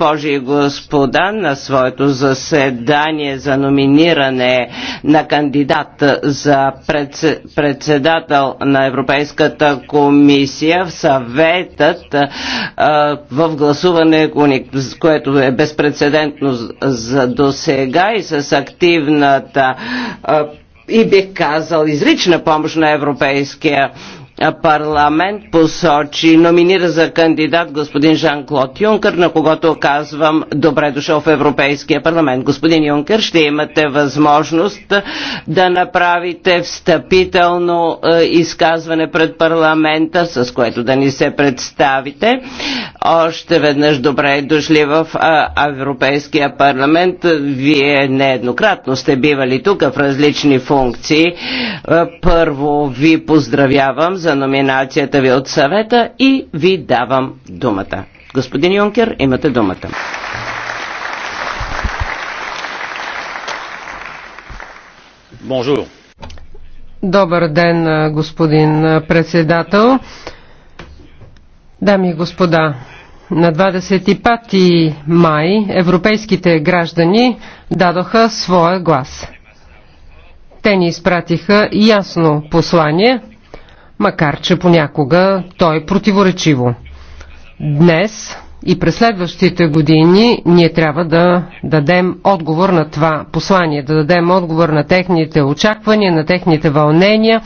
госпожи и господа, на своето заседание за номиниране на кандидат за председател на Европейската комисия в съветът в гласуване, което е безпредседентно за до сега и с активната и бих казал изрична помощ на Европейския парламент посочи, номинира за кандидат господин Жан-Клод Юнкър, на когото казвам добре дошъл в Европейския парламент. Господин Юнкър, ще имате възможност да направите встъпително е, изказване пред парламента, с което да ни се представите. Още веднъж добре дошли в е, Европейския парламент. Вие нееднократно сте бивали тук в различни функции. Е, първо ви поздравявам за за номинацията ви от съвета и ви давам думата. Господин Юнкер, имате думата. Bonjour. Добър ден, господин председател. Дами и господа, на 25 май европейските граждани дадоха своя глас. Те ни изпратиха ясно послание макар че понякога то е противоречиво. Днес и през следващите години ние трябва да дадем отговор на това послание, да дадем отговор на техните очаквания, на техните вълнения,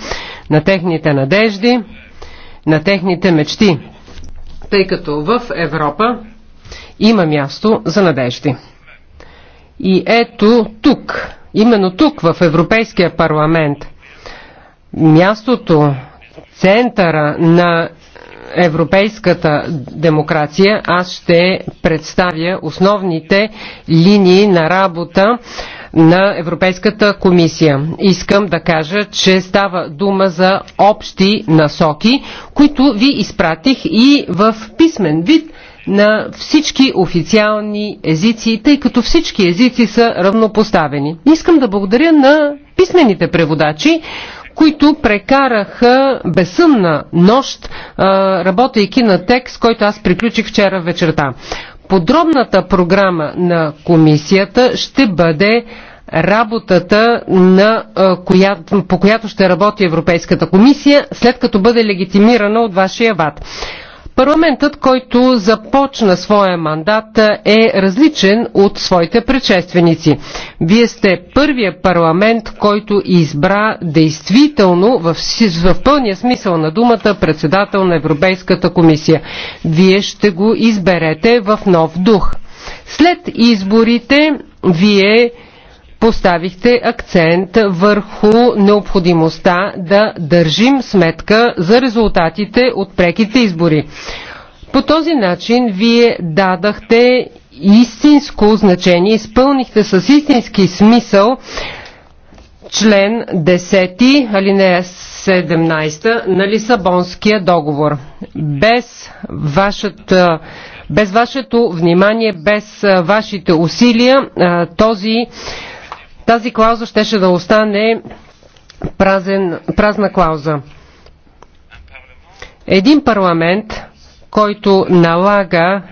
на техните надежди, на техните мечти, тъй като в Европа има място за надежди. И ето тук, именно тук в Европейския парламент, мястото центъра на европейската демокрация, аз ще представя основните линии на работа на Европейската комисия. Искам да кажа, че става дума за общи насоки, които ви изпратих и в писмен вид на всички официални езици, тъй като всички езици са равнопоставени. Искам да благодаря на писмените преводачи, които прекараха безсъмна нощ, работейки на текст, който аз приключих вчера вечерта. Подробната програма на комисията ще бъде работата, на, по която ще работи Европейската комисия, след като бъде легитимирана от вашия ВАД. Парламентът, който започна своя мандат, е различен от своите предшественици. Вие сте първия парламент, който избра действително в, в пълния смисъл на думата председател на Европейската комисия. Вие ще го изберете в нов дух. След изборите вие поставихте акцент върху необходимостта да държим сметка за резултатите от преките избори. По този начин вие дадахте истинско значение, изпълнихте с истински смисъл член 10, алинея 17 на Лисабонския договор. Без, вашата, без вашето внимание, без вашите усилия този тази клауза щеше да остане празен, празна клауза. Един парламент, който налага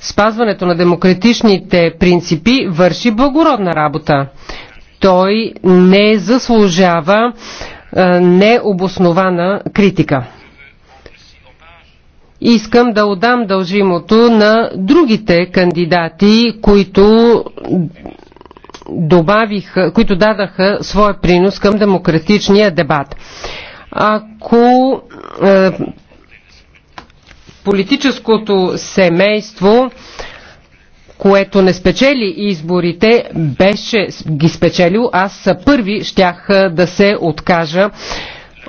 спазването на демократичните принципи, върши благородна работа. Той не заслужава необоснована критика. Искам да отдам дължимото на другите кандидати, които добавиха, които дадаха своя принос към демократичния дебат. Ако е, политическото семейство което не спечели изборите, беше ги спечелил, аз първи щях е, да се откажа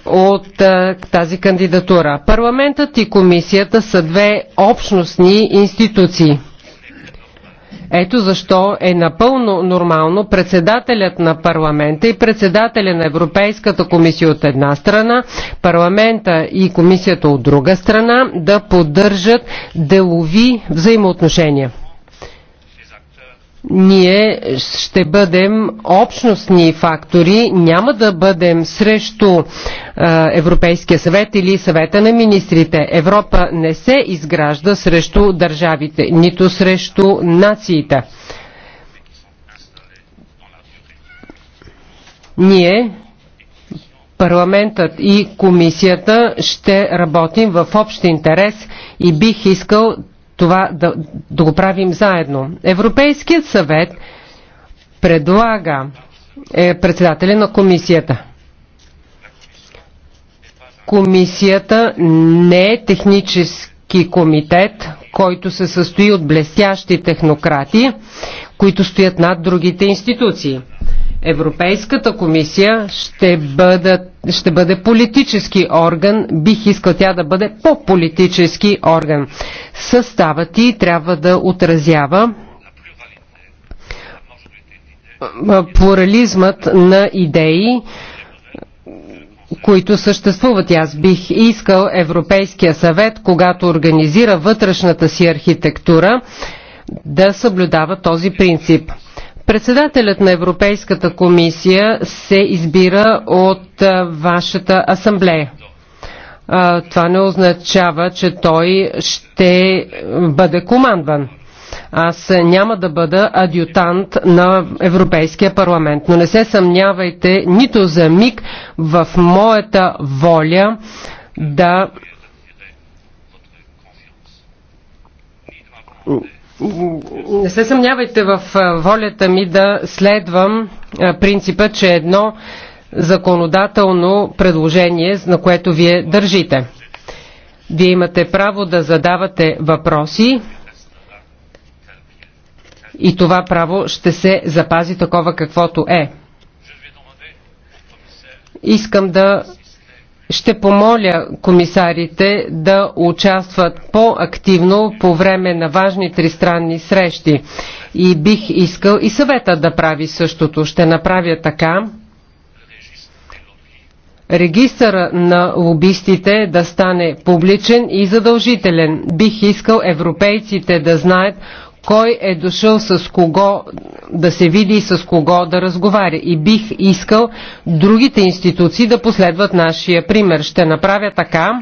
от а, е, тази кандидатура. Парламентът и комисията са две общностни институции. Ето защо е напълно нормално председателят на парламента и председателя на Европейската комисия от една страна, парламента и комисията от друга страна да поддържат делови взаимоотношения ние ще бъдем общностни фактори, няма да бъдем срещу Европейския съвет или съвета на министрите. Европа не се изгражда срещу държавите, нито срещу нациите. Ние, парламентът и комисията ще работим в общ интерес и бих искал това да, да го правим заедно. Европейският съвет предлага е председателя на комисията. Комисията не е технически комитет, който се състои от блестящи технократи, които стоят над другите институции. Европейската комисия ще бъдат ще бъде политически орган. Бих искал тя да бъде по-политически орган. Съставът ти трябва да отразява плурализмът на идеи, които съществуват. Аз бих искал Европейския съвет, когато организира вътрешната си архитектура, да съблюдава този принцип. Председателят на Европейската комисия се избира от вашата асамблея. Това не означава, че той ще бъде командван. Аз няма да бъда адютант на Европейския парламент, но не се съмнявайте нито за миг в моята воля да не се съмнявайте в волята ми да следвам принципа, че е едно законодателно предложение, на което вие държите. Вие имате право да задавате въпроси и това право ще се запази такова каквото е. Искам да ще помоля комисарите да участват по-активно по време на важни тристранни срещи. И бих искал и съвета да прави същото. Ще направя така. Регистъра на лобистите да стане публичен и задължителен. Бих искал европейците да знаят кой е дошъл с кого да се види и с кого да разговаря. И бих искал другите институции да последват нашия пример. Ще направя така.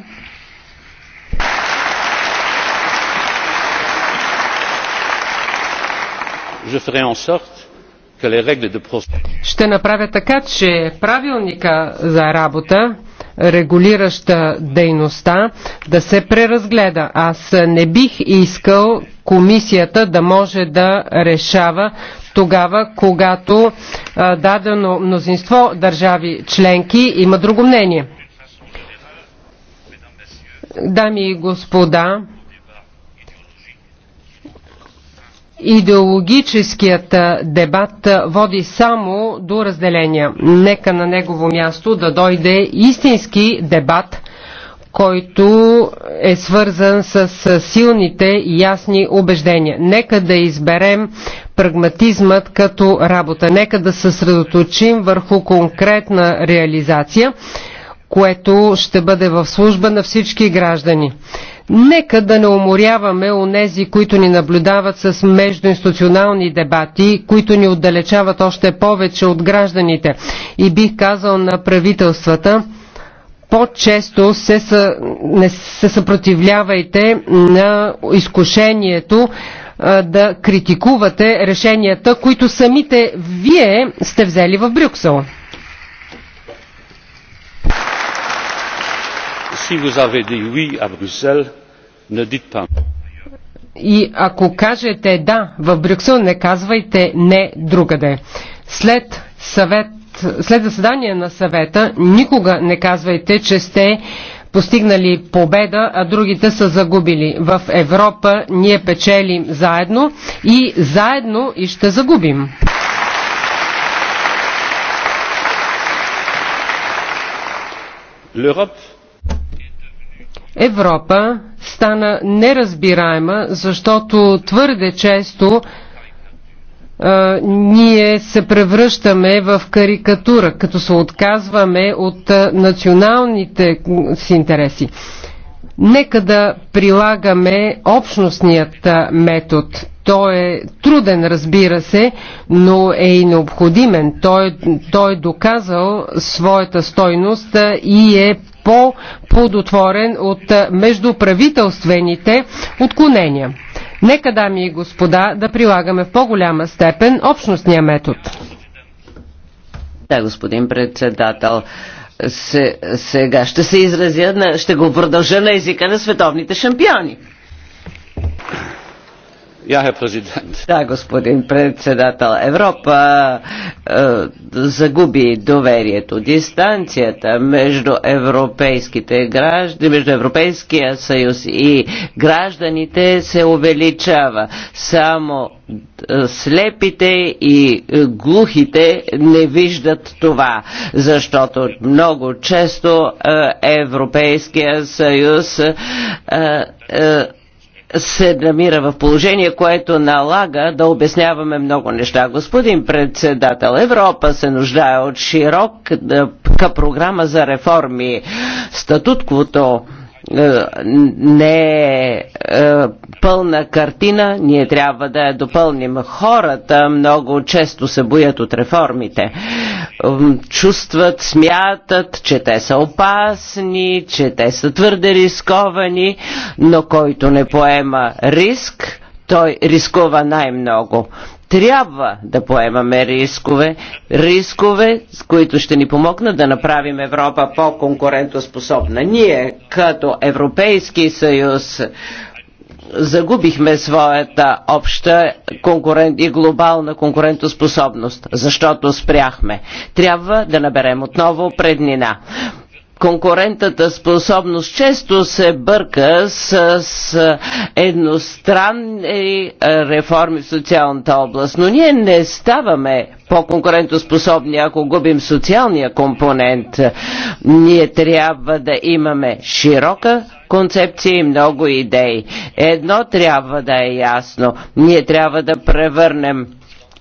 Ще направя така, че правилника за работа регулираща дейността, да се преразгледа. Аз не бих искал комисията да може да решава тогава, когато дадено мнозинство държави членки има друго мнение. Дами и господа, идеологическият дебат води само до разделения. Нека на негово място да дойде истински дебат, който е свързан с силните и ясни убеждения. Нека да изберем прагматизмът като работа. Нека да съсредоточим върху конкретна реализация, което ще бъде в служба на всички граждани. Нека да не уморяваме онези, които ни наблюдават с междуинституционални дебати, които ни отдалечават още повече от гражданите. И бих казал на правителствата, по-често се, съ, не се съпротивлявайте на изкушението да критикувате решенията, които самите вие сте взели в Брюксел. Si vous avez dit oui à Bruxelles, ne dites pas. И ако кажете да в Брюксел, не казвайте не другаде. След съвет, след заседание на съвета, никога не казвайте, че сте постигнали победа, а другите са загубили. В Европа ние печелим заедно и заедно и ще загубим. L'Europe Европа стана неразбираема, защото твърде често а, ние се превръщаме в карикатура, като се отказваме от а, националните си интереси. Нека да прилагаме общностният метод. Той е труден, разбира се, но е и необходимен. Той, той е доказал своята стойност и е по-плодотворен от междуправителствените отклонения. Нека, дами и господа, да прилагаме в по-голяма степен общностния метод. Да, господин председател. Се, сега ще се изразя, на, ще го продължа на езика на световните шампиони да, господин председател. Европа е, загуби доверието. Дистанцията между европейските граждани, между Европейския съюз и гражданите се увеличава. Само е, слепите и е, глухите не виждат това, защото много често е, Европейския съюз е, е, се намира в положение, което налага да обясняваме много неща. Господин председател, Европа се нуждае от широка програма за реформи. Статутквото не е, е пълна картина, ние трябва да я допълним. Хората много често се боят от реформите. Чувстват, смятат, че те са опасни, че те са твърде рисковани, но който не поема риск, той рискува най-много трябва да поемаме рискове, рискове, с които ще ни помогнат да направим Европа по-конкурентоспособна. Ние, като Европейски съюз, загубихме своята обща конкурент и глобална конкурентоспособност, защото спряхме. Трябва да наберем отново преднина конкурентната способност често се бърка с едностранни е, реформи в социалната област. Но ние не ставаме по-конкурентоспособни, ако губим социалния компонент. Ние трябва да имаме широка концепция и много идеи. Едно трябва да е ясно. Ние трябва да превърнем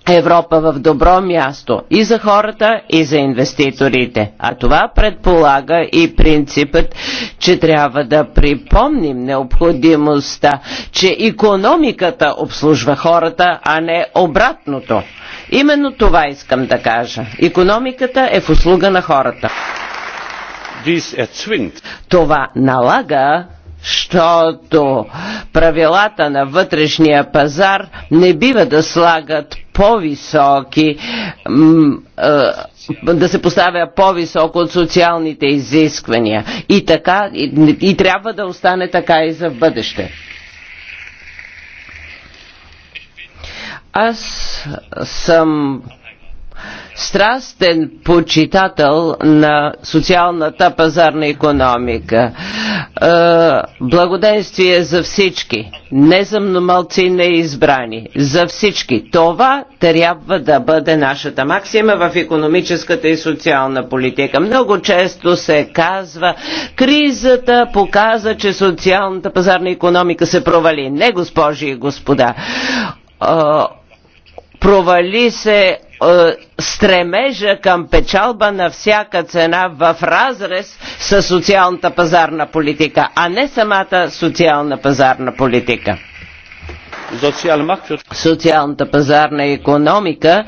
Европа в добро място и за хората, и за инвеститорите. А това предполага и принципът, че трябва да припомним необходимостта, че економиката обслужва хората, а не обратното. Именно това искам да кажа. Економиката е в услуга на хората. Това налага защото правилата на вътрешния пазар не бива да слагат по-високи, да се поставя по-високо от социалните изисквания. И, така, и, и трябва да остане така и за бъдеще. Аз съм страстен почитател на социалната пазарна економика. Е, благоденствие за всички, не за малци неизбрани, за всички. Това трябва да бъде нашата максима в економическата и социална политика. Много често се казва, кризата показа, че социалната пазарна економика се провали. Не, госпожи и господа е, провали се е, стремежа към печалба на всяка цена в разрез с социалната пазарна политика, а не самата социална пазарна политика. Социалната пазарна економика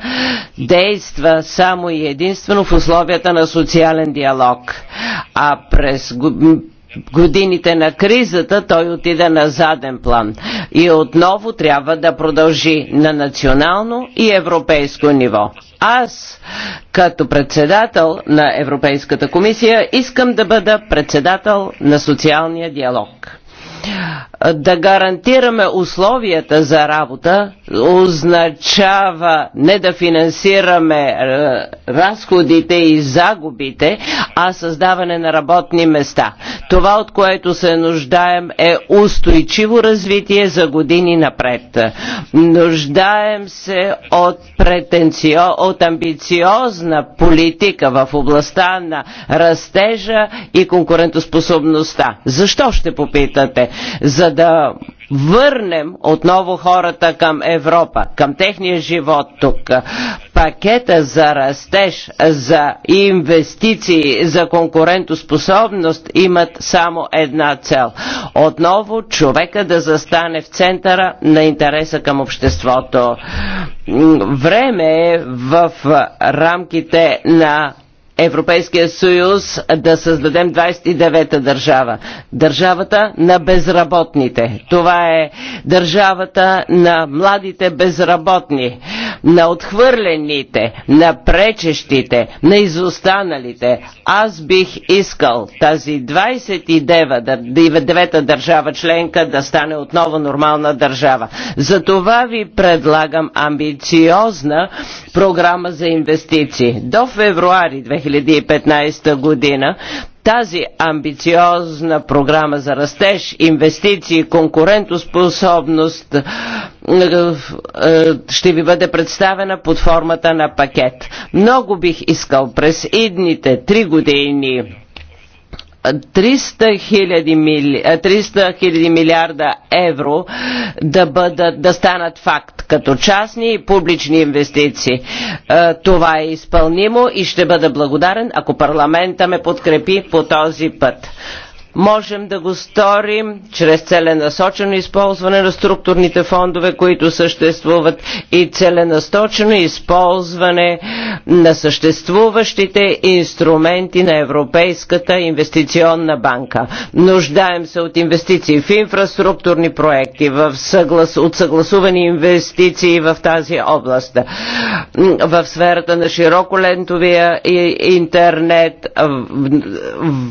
действа само и единствено в условията на социален диалог. А през годините на кризата той отида на заден план и отново трябва да продължи на национално и европейско ниво. Аз, като председател на Европейската комисия, искам да бъда председател на социалния диалог. Да гарантираме условията за работа означава не да финансираме е, разходите и загубите, а създаване на работни места. Това, от което се нуждаем е устойчиво развитие за години напред. Нуждаем се от, претенцио, от амбициозна политика в областта на растежа и конкурентоспособността. Защо ще попитате? за да върнем отново хората към Европа, към техния живот тук. Пакета за растеж, за инвестиции, за конкурентоспособност имат само една цел. Отново човека да застане в центъра на интереса към обществото. Време е в рамките на Европейския съюз да създадем 29-та държава. Държавата на безработните. Това е държавата на младите безработни, на отхвърлените, на пречещите, на изостаналите. Аз бих искал тази 29-та държава членка да стане отново нормална държава. За това ви предлагам амбициозна програма за инвестиции. До февруари 2000 2015 година, тази амбициозна програма за растеж, инвестиции, конкурентоспособност е, е, ще ви бъде представена под формата на пакет. Много бих искал през идните три години 300 хиляди мили... Е, милиарда евро да, бъдат, да станат факт като частни и публични инвестиции. Е, това е изпълнимо и ще бъда благодарен, ако парламента ме подкрепи по този път. Можем да го сторим чрез целенасочено използване на структурните фондове, които съществуват и целенасочено използване на съществуващите инструменти на Европейската инвестиционна банка. Нуждаем се от инвестиции в инфраструктурни проекти, в съглас... от съгласувани инвестиции в тази област, в сферата на широколентовия интернет,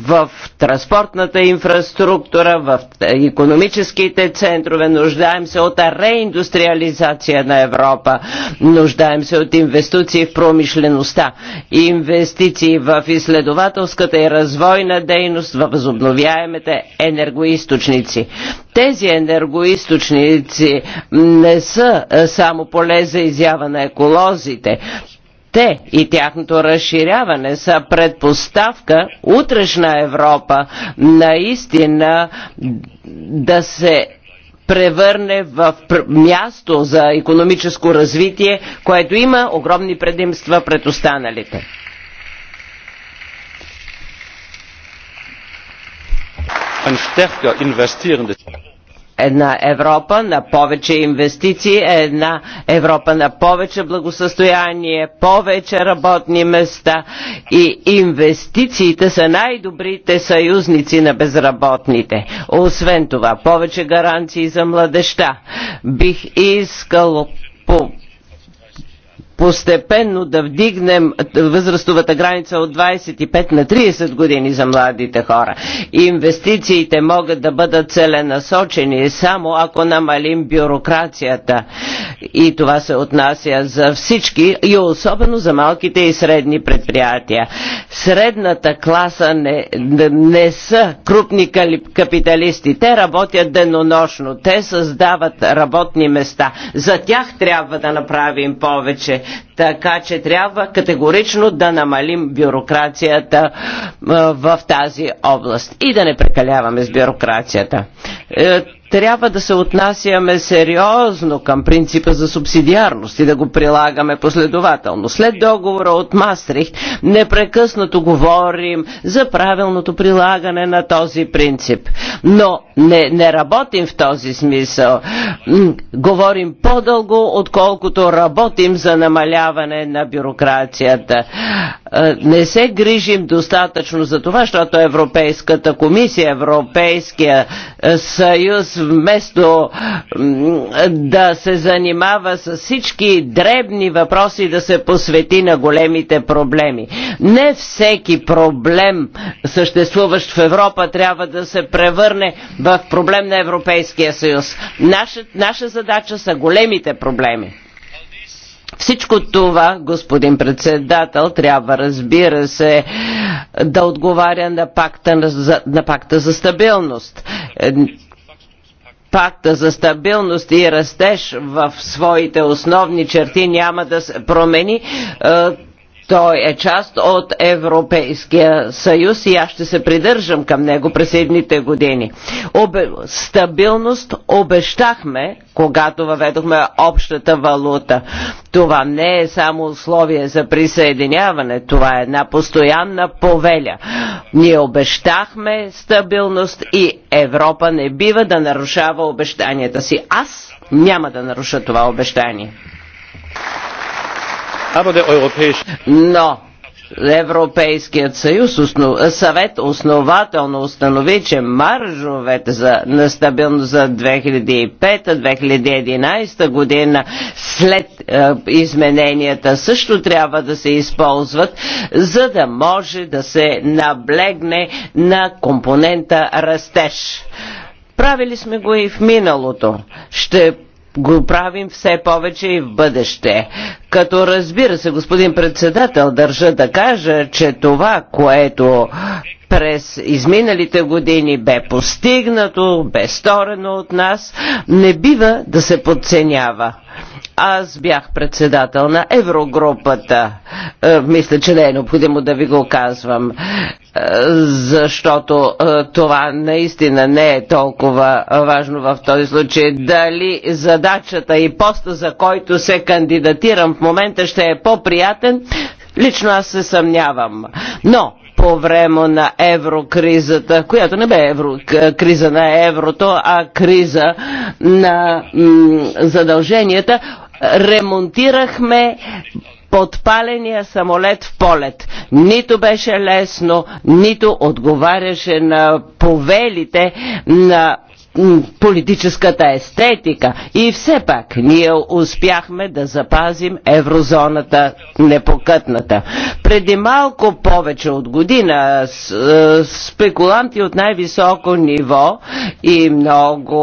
в, в транспортната транспортната инфраструктура, в економическите центрове. Нуждаем се от реиндустриализация на Европа. Нуждаем се от инвестиции в промишлеността. Инвестиции в изследователската и развойна дейност, в възобновяемите енергоисточници. Тези енергоисточници не са само поле за изява на еколозите те и тяхното разширяване са предпоставка утрешна Европа наистина да се превърне в място за економическо развитие, което има огромни предимства пред останалите една Европа на повече инвестиции, една Европа на повече благосъстояние, повече работни места и инвестициите са най-добрите съюзници на безработните. Освен това, повече гаранции за младеща. Бих искал постепенно да вдигнем възрастовата граница от 25 на 30 години за младите хора. Инвестициите могат да бъдат целенасочени само ако намалим бюрокрацията. И това се отнася за всички и особено за малките и средни предприятия. Средната класа не, не са крупни капиталисти. Те работят денонощно. Те създават работни места. За тях трябва да направим повече така че трябва категорично да намалим бюрокрацията в тази област и да не прекаляваме с бюрокрацията. Е, трябва да се отнасяме сериозно към принципа за субсидиарност и да го прилагаме последователно. След договора от Мастрихт непрекъснато говорим за правилното прилагане на този принцип. Но не, не работим в този смисъл. Говорим по-дълго, отколкото работим за намаляване на бюрокрацията. Е, не се грижим достатъчно за това, защото Европейската комисия, Европейския е, съюз вместо да се занимава с всички дребни въпроси, да се посвети на големите проблеми. Не всеки проблем, съществуващ в Европа, трябва да се превърне в проблем на Европейския съюз. Наша, наша задача са големите проблеми. Всичко това, господин председател, трябва, разбира се, да отговаря на пакта, на, на пакта за стабилност. Е, пакта за стабилност и растеж в своите основни черти няма да се промени, е, той е част от Европейския съюз и аз ще се придържам към него през едните години. Обе... Стабилност обещахме, когато въведохме общата валута. Това не е само условие за присъединяване, това е една постоянна повеля. Ние обещахме стабилност и Европа не бива да нарушава обещанията си. Аз няма да наруша това обещание. Но Европейският съюз, основ, съвет основателно установи, че маржовете за нестабилност за 2005-2011 година след е, измененията също трябва да се използват, за да може да се наблегне на компонента растеж. Правили сме го и в миналото. Ще го правим все повече и в бъдеще. Като разбира се, господин председател, държа да кажа, че това, което през изминалите години бе постигнато, бе сторено от нас, не бива да се подценява. Аз бях председател на Еврогрупата. Е, мисля, че не е необходимо да ви го казвам, е, защото е, това наистина не е толкова важно в този случай. Дали задачата и поста, за който се кандидатирам в момента, ще е по-приятен, лично аз се съмнявам. Но по време на еврокризата, която не бе евро, криза на еврото, а криза на задълженията, ремонтирахме подпаления самолет в полет. Нито беше лесно, нито отговаряше на повелите на политическата естетика. И все пак ние успяхме да запазим еврозоната непокътната. Преди малко повече от година е, спекуланти от най-високо ниво и много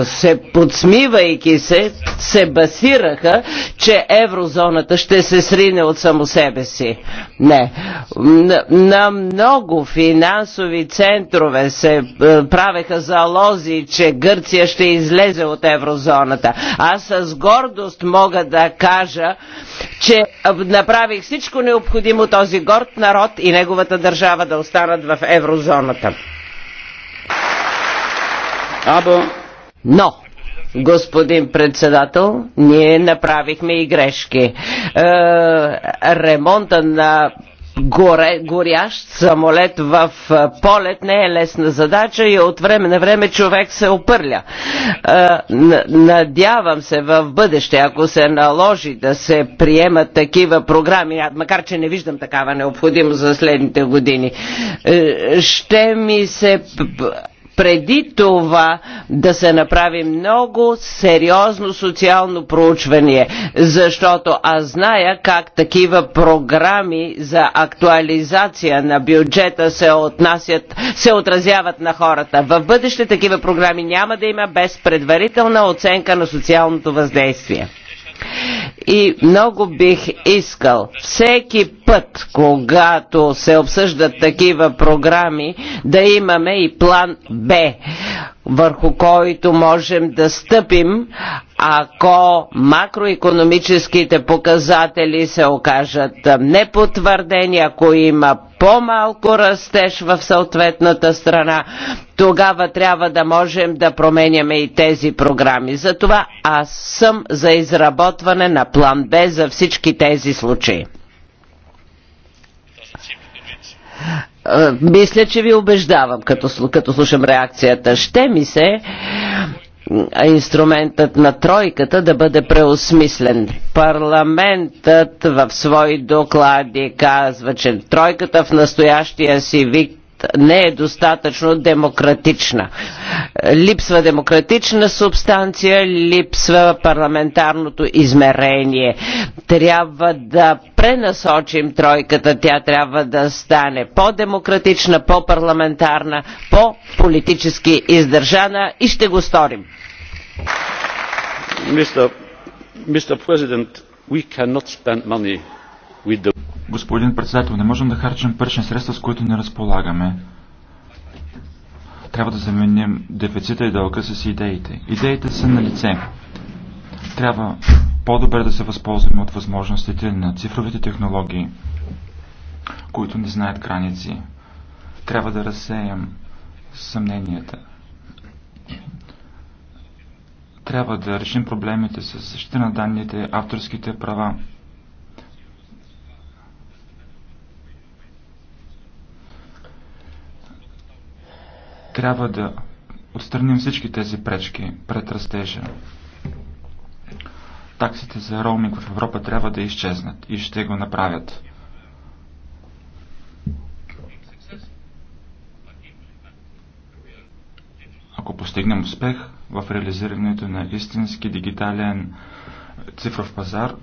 е, се подсмивайки се, се басираха, че еврозоната ще се срине от само себе си. Не. На много финансови центрове се е, правеха залози прогнози, че Гърция ще излезе от еврозоната. Аз с гордост мога да кажа, че направих всичко необходимо този горд народ и неговата държава да останат в еврозоната. Або... Но, господин председател, ние направихме и грешки. Е, ремонта на горе, горящ самолет в полет не е лесна задача и от време на време човек се опърля. Надявам се в бъдеще, ако се наложи да се приемат такива програми, макар че не виждам такава необходимост за следните години, ще ми се преди това да се направи много сериозно социално проучване, защото аз зная как такива програми за актуализация на бюджета се отнасят, се отразяват на хората. В бъдеще такива програми няма да има без предварителна оценка на социалното въздействие. И много бих искал всеки път, когато се обсъждат такива програми, да имаме и план Б, върху който можем да стъпим, ако макроекономическите показатели се окажат непотвърдени, ако има по-малко растеж в съответната страна, тогава трябва да можем да променяме и тези програми. Затова аз съм за изработване на план Б за всички тези случаи. Мисля, че ви убеждавам, като, като слушам реакцията. Ще ми се инструментът на тройката да бъде преосмислен. Парламентът в свои доклади казва, че тройката в настоящия си вик не е достатъчно демократична. Липсва демократична субстанция, липсва парламентарното измерение. Трябва да пренасочим тройката, тя трябва да стане по-демократична, по-парламентарна, по-политически издържана и ще го сторим. Mr. President, we cannot spend money with the Господин председател, не можем да харчим парични средства, с които не разполагаме. Трябва да заменим дефицита и дълга с идеите. Идеите са на лице. Трябва по-добре да се възползваме от възможностите на цифровите технологии, които не знаят граници. Трябва да разсеем съмненията. Трябва да решим проблемите с защита на данните, авторските права. Трябва да отстраним всички тези пречки пред растежа. Таксите за роуминг в Европа трябва да изчезнат и ще го направят. Ако постигнем успех в реализирането на истински дигитален цифров пазар,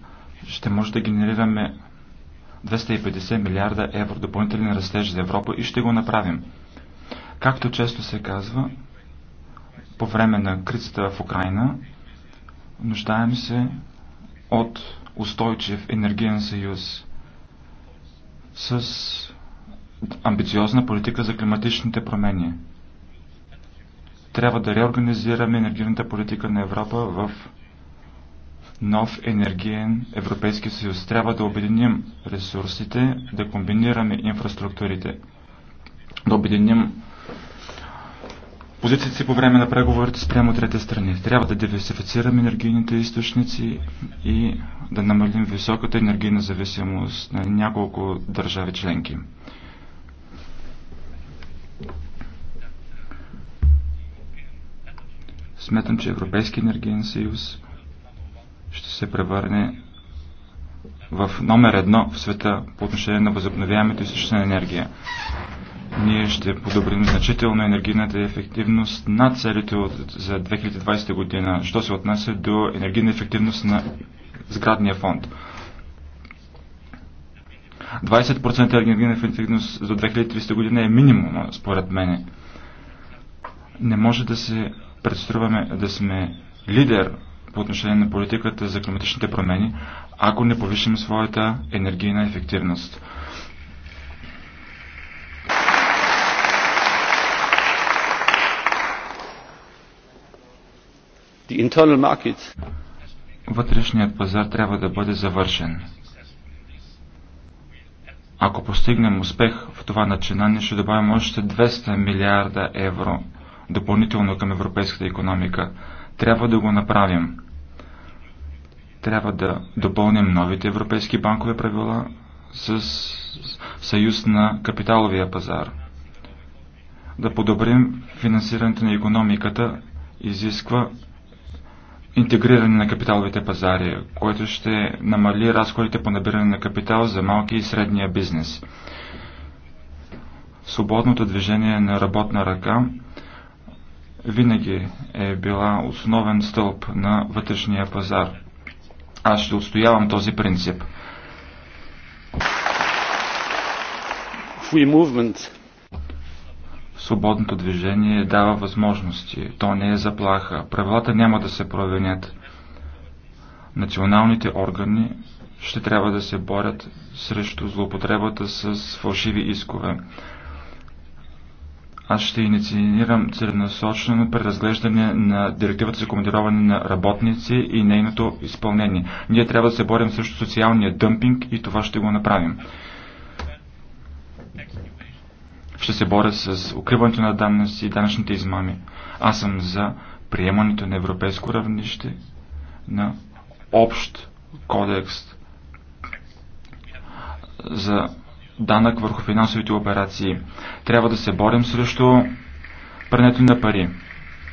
ще може да генерираме 250 милиарда евро допълнителен растеж за Европа и ще го направим. Както често се казва, по време на кризата в Украина, нуждаем се от устойчив енергиен съюз с амбициозна политика за климатичните промени. Трябва да реорганизираме енергийната политика на Европа в нов енергиен Европейски съюз. Трябва да обединим ресурсите, да комбинираме инфраструктурите, да обединим позициите си по време на преговорите спрямо трета страни. Трябва да диверсифицираме енергийните източници и да намалим високата енергийна зависимост на няколко държави членки. Сметам, че Европейски енергиен съюз ще се превърне в номер едно в света по отношение на възобновяемите източна енергия. Ние ще подобрим значително енергийната ефективност на целите за 2020 година, що се отнася до енергийна ефективност на сградния фонд. 20% енергийна ефективност до 2030 година е минимум, според мен. Не може да се представяме да сме лидер по отношение на политиката за климатичните промени, ако не повишим своята енергийна ефективност. Вътрешният пазар трябва да бъде завършен. Ако постигнем успех в това начинание, ще добавим още 200 милиарда евро допълнително към европейската економика. Трябва да го направим. Трябва да допълним новите европейски банкови правила с съюз на капиталовия пазар. Да подобрим финансирането на економиката изисква интегриране на капиталовите пазари, което ще намали разходите по набиране на капитал за малки и средния бизнес. Свободното движение на работна ръка винаги е била основен стълб на вътрешния пазар. Аз ще отстоявам този принцип. Free movement Свободното движение дава възможности. То не е заплаха. Правилата няма да се променят. Националните органи ще трябва да се борят срещу злоупотребата с фалшиви искове. Аз ще инициирам целенасочено преразглеждане на директивата за командироване на работници и нейното изпълнение. Ние трябва да се борим срещу социалния дъмпинг и това ще го направим. Ще се боря с укриването на данъци и данъчните измами. Аз съм за приемането на европейско равнище на общ кодекс за данък върху финансовите операции. Трябва да се борим срещу прането на пари.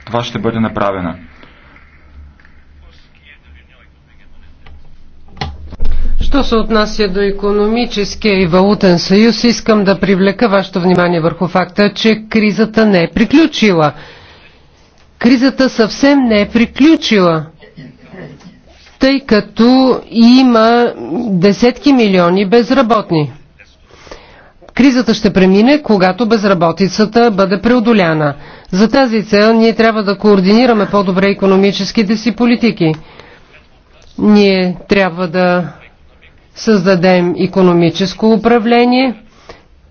Това ще бъде направено. Що се отнася до економическия и валутен съюз, искам да привлека вашето внимание върху факта, че кризата не е приключила. Кризата съвсем не е приключила, тъй като има десетки милиони безработни. Кризата ще премине, когато безработицата бъде преодоляна. За тази цел ние трябва да координираме по-добре економическите си политики. Ние трябва да създадем економическо управление,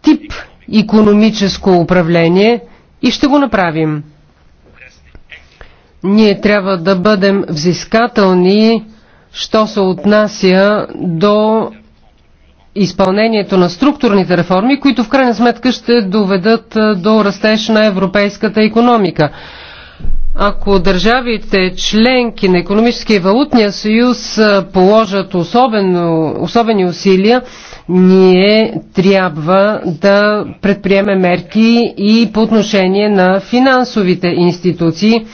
тип економическо управление и ще го направим. Ние трябва да бъдем взискателни, що се отнася до изпълнението на структурните реформи, които в крайна сметка ще доведат до растеж на европейската економика. Ако държавите членки на економически и валутния съюз положат особено, особени усилия, ние трябва да предприеме мерки и по отношение на финансовите институции.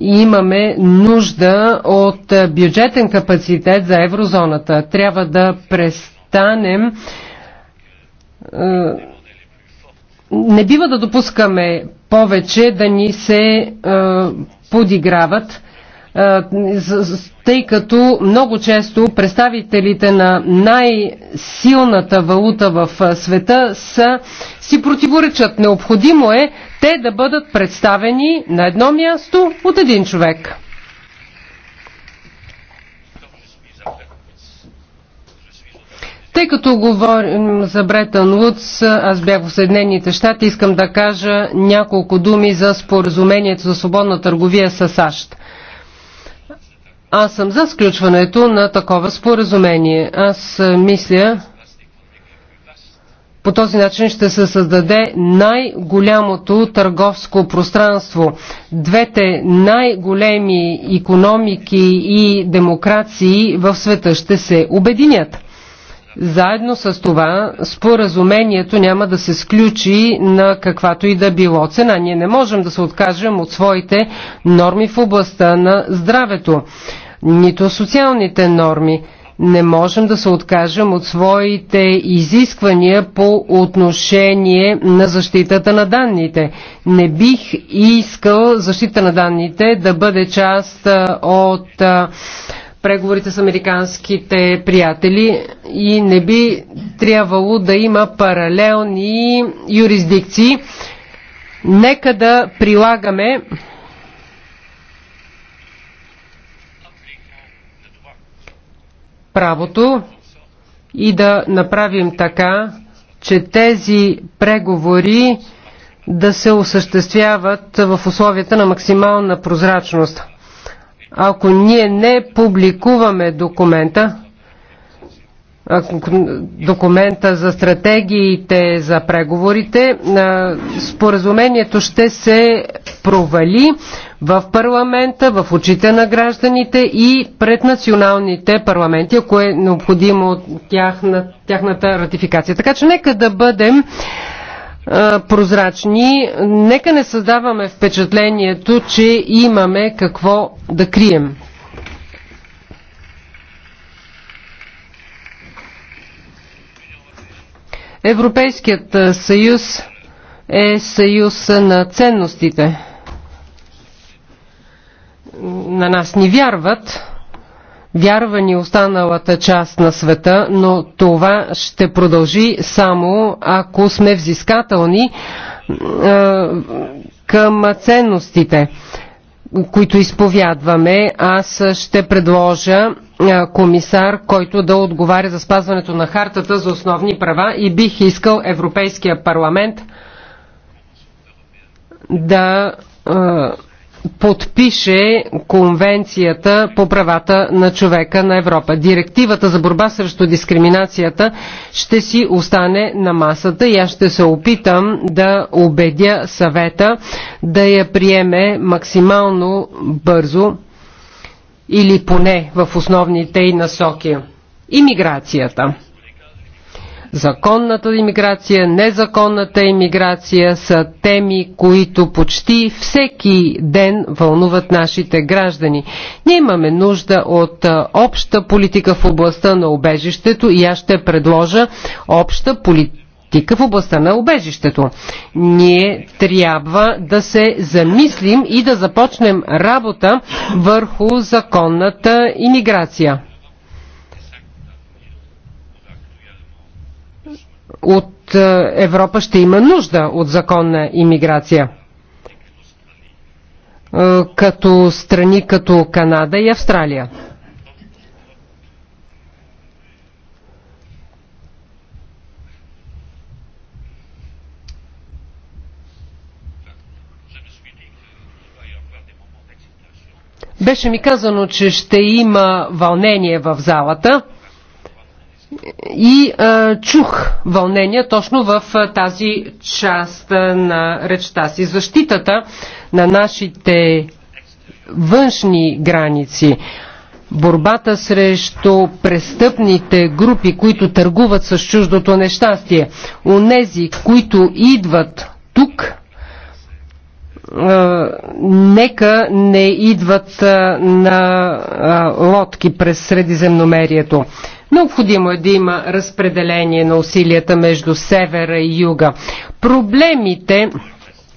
Имаме нужда от бюджетен капацитет за еврозоната. Трябва да престанем. Не бива да допускаме повече да ни се подиграват, тъй като много често представителите на най-силната валута в света са, си противоречат. Необходимо е те да бъдат представени на едно място от един човек. Тъй като говорим за Бретън Лудс, аз бях в Съединените щати, искам да кажа няколко думи за споразумението за свободна търговия с САЩ. Аз съм за сключването на такова споразумение. Аз мисля, по този начин ще се създаде най-голямото търговско пространство. Двете най-големи економики и демокрации в света ще се обединят. Заедно с това, споразумението няма да се сключи на каквато и да било цена. Ние не можем да се откажем от своите норми в областта на здравето, нито социалните норми. Не можем да се откажем от своите изисквания по отношение на защитата на данните. Не бих искал защита на данните да бъде част от преговорите с американските приятели и не би трябвало да има паралелни юрисдикции. Нека да прилагаме правото и да направим така, че тези преговори да се осъществяват в условията на максимална прозрачност. Ако ние не публикуваме документа, документа за стратегиите за преговорите, споразумението ще се провали в парламента, в очите на гражданите и пред националните парламенти, ако е необходимо от тяхна, тяхната ратификация. Така че нека да бъдем прозрачни. Нека не създаваме впечатлението, че имаме какво да крием. Европейският съюз е съюз на ценностите. На нас ни вярват, вярва ни останалата част на света, но това ще продължи само ако сме взискателни е, към ценностите, които изповядваме. Аз ще предложа е, комисар, който да отговаря за спазването на хартата за основни права и бих искал Европейския парламент да е, подпише Конвенцията по правата на човека на Европа. Директивата за борба срещу дискриминацията ще си остане на масата и аз ще се опитам да убедя съвета да я приеме максимално бързо или поне в основните и насоки. Имиграцията. Законната иммиграция, незаконната иммиграция са теми, които почти всеки ден вълнуват нашите граждани. Ние имаме нужда от обща политика в областта на обежището и аз ще предложа обща политика в областта на обежището. Ние трябва да се замислим и да започнем работа върху законната имиграция. от е, Европа ще има нужда от законна иммиграция. Е, като страни като Канада и Австралия. Беше ми казано, че ще има вълнение в залата и а, е, чух вълнение точно в а, е, тази част а, е, на речта си. Защитата на нашите външни граници, борбата срещу престъпните групи, които търгуват с чуждото нещастие, онези, които идват тук, нека не идват на лодки през Средиземномерието. Необходимо е да има разпределение на усилията между севера и юга. Проблемите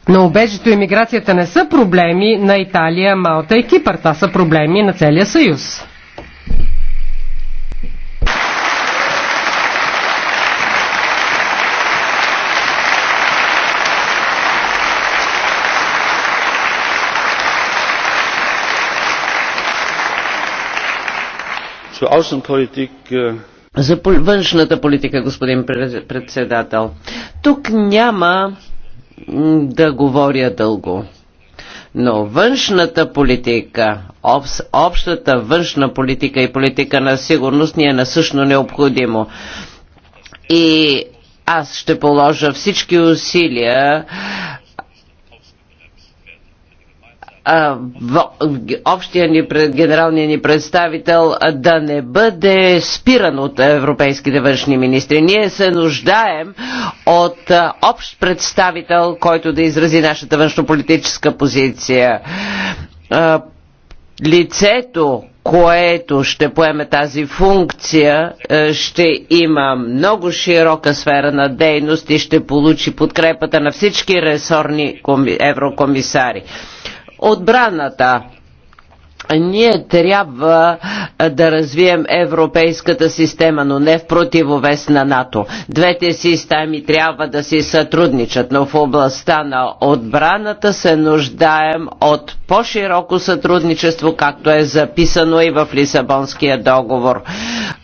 на убежето и миграцията не са проблеми на Италия, Малта и Кипър. Та са проблеми на целия съюз. Äh, За външната политика, господин председател. Тук няма да говоря дълго. Но външната политика, общата външна политика и политика на сигурност ни е насъщно необходимо. И аз ще положа всички усилия общия ни пред генералния ни представител да не бъде спиран от европейските външни министри. Ние се нуждаем от общ представител, който да изрази нашата външнополитическа позиция. Лицето, което ще поеме тази функция, ще има много широка сфера на дейност и ще получи подкрепата на всички ресорни еврокомисари отбраната ние трябва да развием европейската система, но не в противовес на НАТО. Двете системи трябва да си сътрудничат, но в областта на отбраната се нуждаем от по-широко сътрудничество, както е записано и в Лисабонския договор.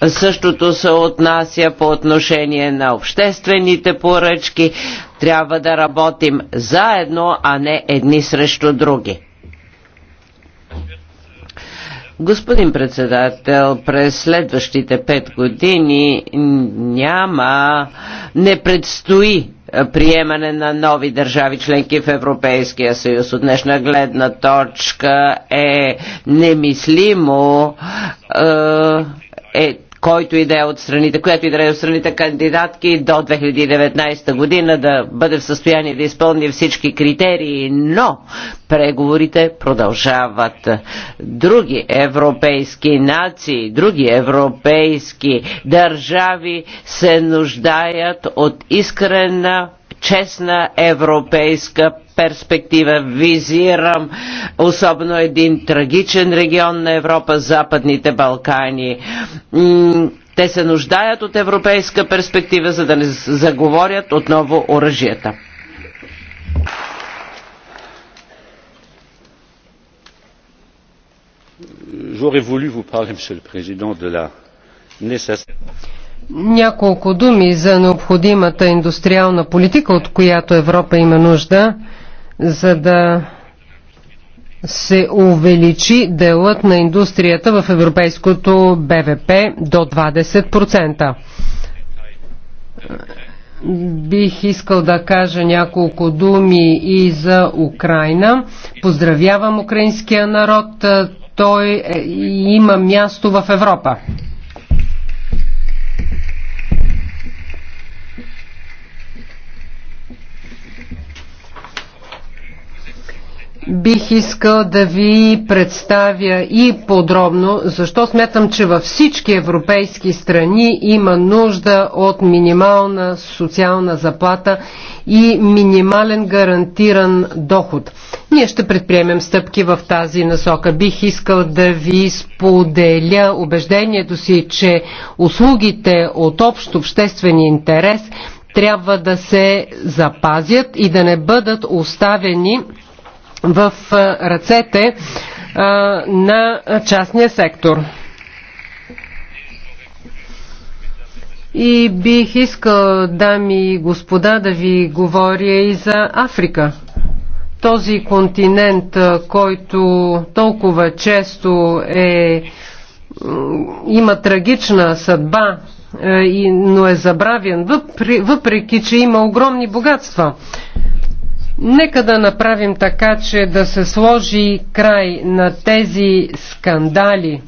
Същото се отнася по отношение на обществените поръчки. Трябва да работим заедно, а не едни срещу други. Господин председател, през следващите пет години няма, не предстои е, приемане на нови държави членки в Европейския съюз. От днешна гледна точка е немислимо е, е който и да е от страните, която и да е от страните кандидатки до 2019 година да бъде в състояние да изпълни всички критерии, но преговорите продължават. Други европейски нации, други европейски държави се нуждаят от искрена честна европейска перспектива. Визирам особено един трагичен регион на Европа, Западните Балкани. Те се нуждаят от европейска перспектива, за да не заговорят отново оръжията. J'aurais voulu vous parler, Monsieur le Président, de la nécessaire. Няколко думи за необходимата индустриална политика, от която Европа има нужда, за да се увеличи делът на индустрията в европейското БВП до 20%. Бих искал да кажа няколко думи и за Украина. Поздравявам украинския народ. Той е- има място в Европа. бих искал да ви представя и подробно, защо смятам, че във всички европейски страни има нужда от минимална социална заплата и минимален гарантиран доход. Ние ще предприемем стъпки в тази насока. Бих искал да ви споделя убеждението си, че услугите от общо обществен интерес трябва да се запазят и да не бъдат оставени в ръцете на частния сектор. И бих искал, дами и господа, да ви говоря и за Африка. Този континент, който толкова често е, има трагична съдба, е, но е забравен, въпреки че има огромни богатства. Нека да направим така, че да се сложи край на тези скандали,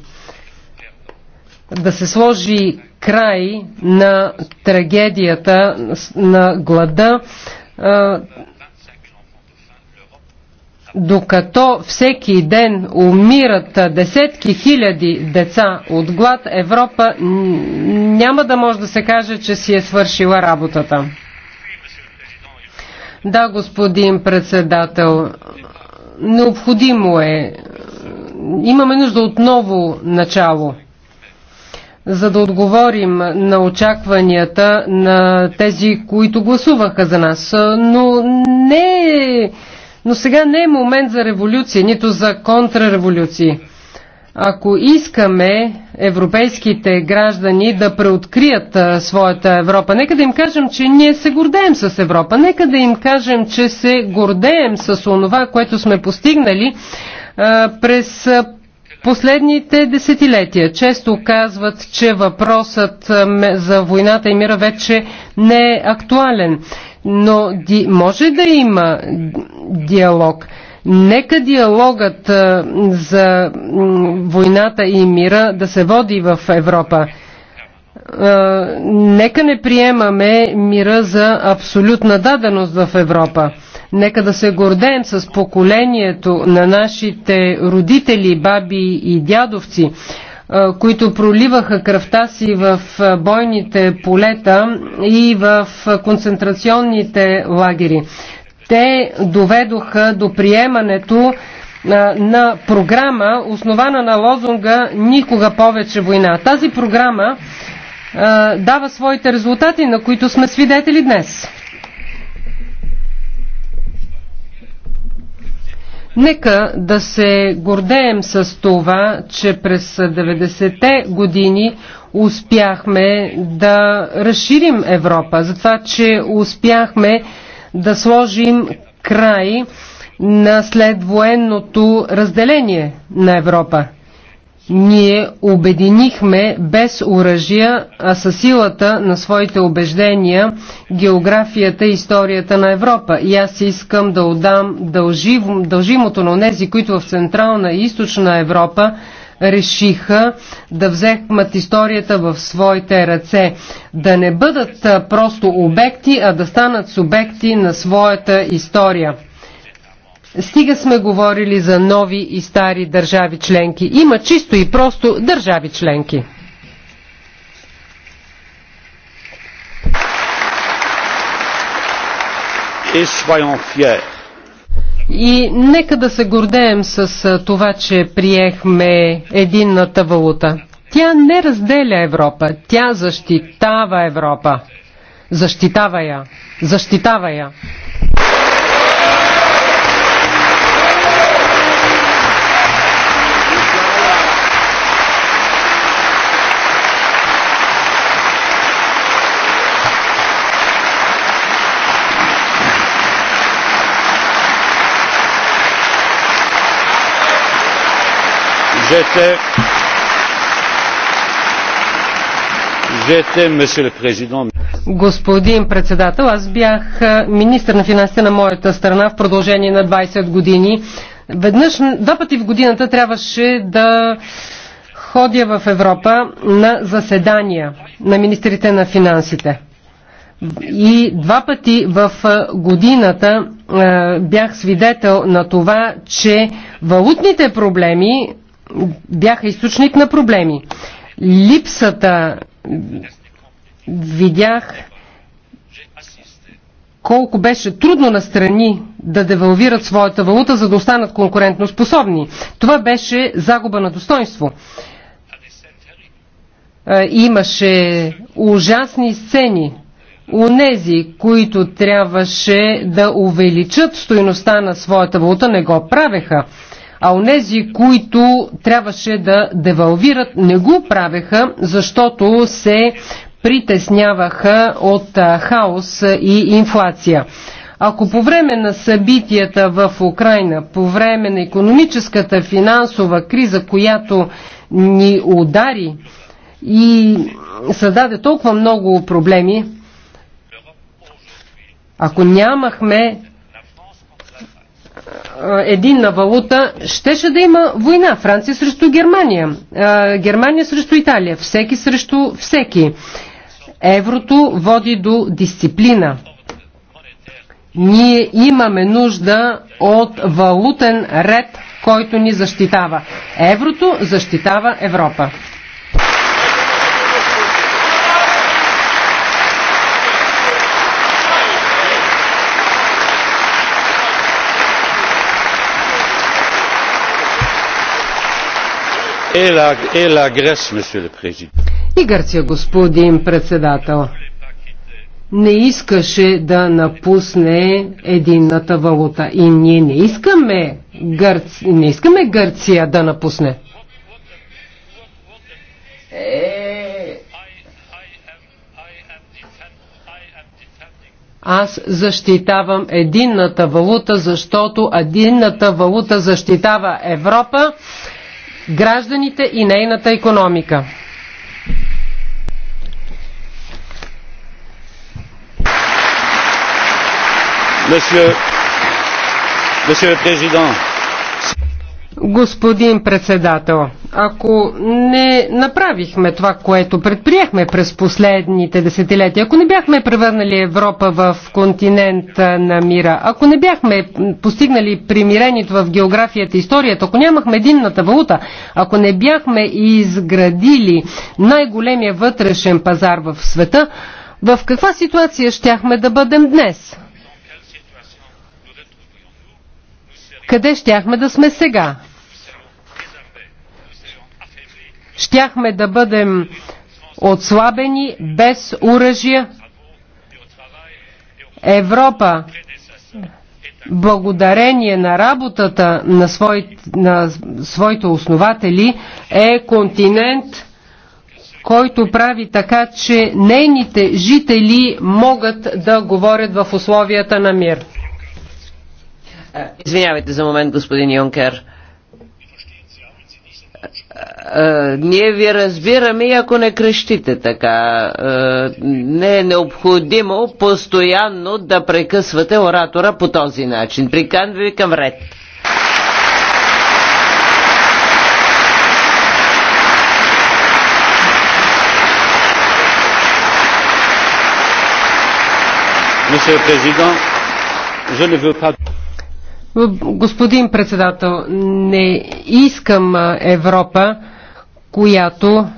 да се сложи край на трагедията на глада, докато всеки ден умират десетки хиляди деца от глад, Европа няма да може да се каже, че си е свършила работата. Да, господин председател, необходимо е. Имаме нужда от ново начало, за да отговорим на очакванията на тези, които гласуваха за нас. Но не е но сега не е момент за революция, нито за контрреволюция. Ако искаме европейските граждани да преоткрият а, своята Европа, нека да им кажем, че ние се гордеем с Европа, нека да им кажем, че се гордеем с онова, което сме постигнали а, през последните десетилетия. Често казват, че въпросът за войната и мира вече не е актуален, но може да има диалог. Нека диалогът за войната и мира да се води в Европа. Нека не приемаме мира за абсолютна даденост в Европа. Нека да се гордеем с поколението на нашите родители, баби и дядовци, които проливаха кръвта си в бойните полета и в концентрационните лагери те доведоха до приемането на програма, основана на лозунга Никога повече война. Тази програма а, дава своите резултати, на които сме свидетели днес. Нека да се гордеем с това, че през 90-те години успяхме да разширим Европа, за това, че успяхме да сложим край на следвоенното разделение на Европа. Ние обединихме без оръжия, а със силата на своите убеждения географията и историята на Европа. И аз искам да отдам дължим, дължимото на тези, които в Централна и Източна Европа решиха да вземат историята в своите ръце, да не бъдат просто обекти, а да станат субекти на своята история. Стига сме говорили за нови и стари държави членки. Има чисто и просто държави членки. et soyons fiers. И нека да се гордеем с това, че приехме единната валута. Тя не разделя Европа, тя защитава Европа. Защитава я. Защитава я. Господин председател, аз бях министр на финансите на моята страна в продължение на 20 години. Веднъж, два пъти в годината трябваше да ходя в Европа на заседания на министрите на финансите. И два пъти в годината бях свидетел на това, че валутните проблеми бяха източник на проблеми. Липсата видях колко беше трудно на страни да девалвират своята валута, за да останат конкурентно способни. Това беше загуба на достоинство. Имаше ужасни сцени. Унези, които трябваше да увеличат стоиността на своята валута, не го правеха а онези, които трябваше да девалвират, не го правеха, защото се притесняваха от хаос и инфлация. Ако по време на събитията в Украина, по време на економическата финансова криза, която ни удари и създаде толкова много проблеми, ако нямахме е, единна валута, щеше да има война. Франция срещу Германия, е, Германия срещу Италия, всеки срещу всеки. Еврото води до дисциплина. Ние имаме нужда от валутен ред, който ни защитава. Еврото защитава Европа. И Гърция, господин председател, не искаше да напусне единната валута. И ние не искаме, Гърци... не искаме Гърция да напусне. Аз защитавам единната валута, защото единната валута защитава Европа гражданите и нейната економика. Monsieur, Monsieur le Président, Господин председател, ако не направихме това, което предприехме през последните десетилетия, ако не бяхме превърнали Европа в континент на мира, ако не бяхме постигнали примирението в географията и историята, ако нямахме единната валута, ако не бяхме изградили най-големия вътрешен пазар в света, в каква ситуация щяхме да бъдем днес? къде щяхме да сме сега? Щяхме да бъдем отслабени, без оръжия. Европа, благодарение на работата на, свой, на своите основатели, е континент, който прави така, че нейните жители могат да говорят в условията на мир. Извинявайте за момент, господин Юнкер. Ние ви разбираме и ако не крещите така. Не е необходимо постоянно да прекъсвате оратора по този начин. Приканвам ви към ред. Monsieur le Président, je ne veux pas... Господин председател, не искам Европа, която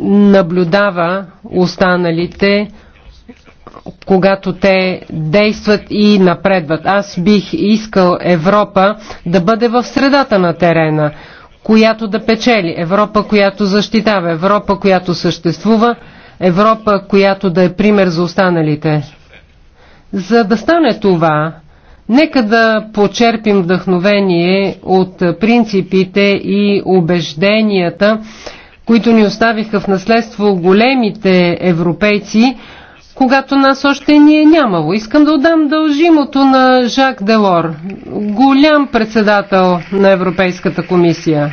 наблюдава останалите, когато те действат и напредват. Аз бих искал Европа да бъде в средата на терена, която да печели, Европа, която защитава, Европа, която съществува, Европа, която да е пример за останалите. За да стане това, Нека да почерпим вдъхновение от принципите и убежденията, които ни оставиха в наследство големите европейци, когато нас още ни е нямало. Искам да отдам дължимото на Жак Делор, голям председател на Европейската комисия.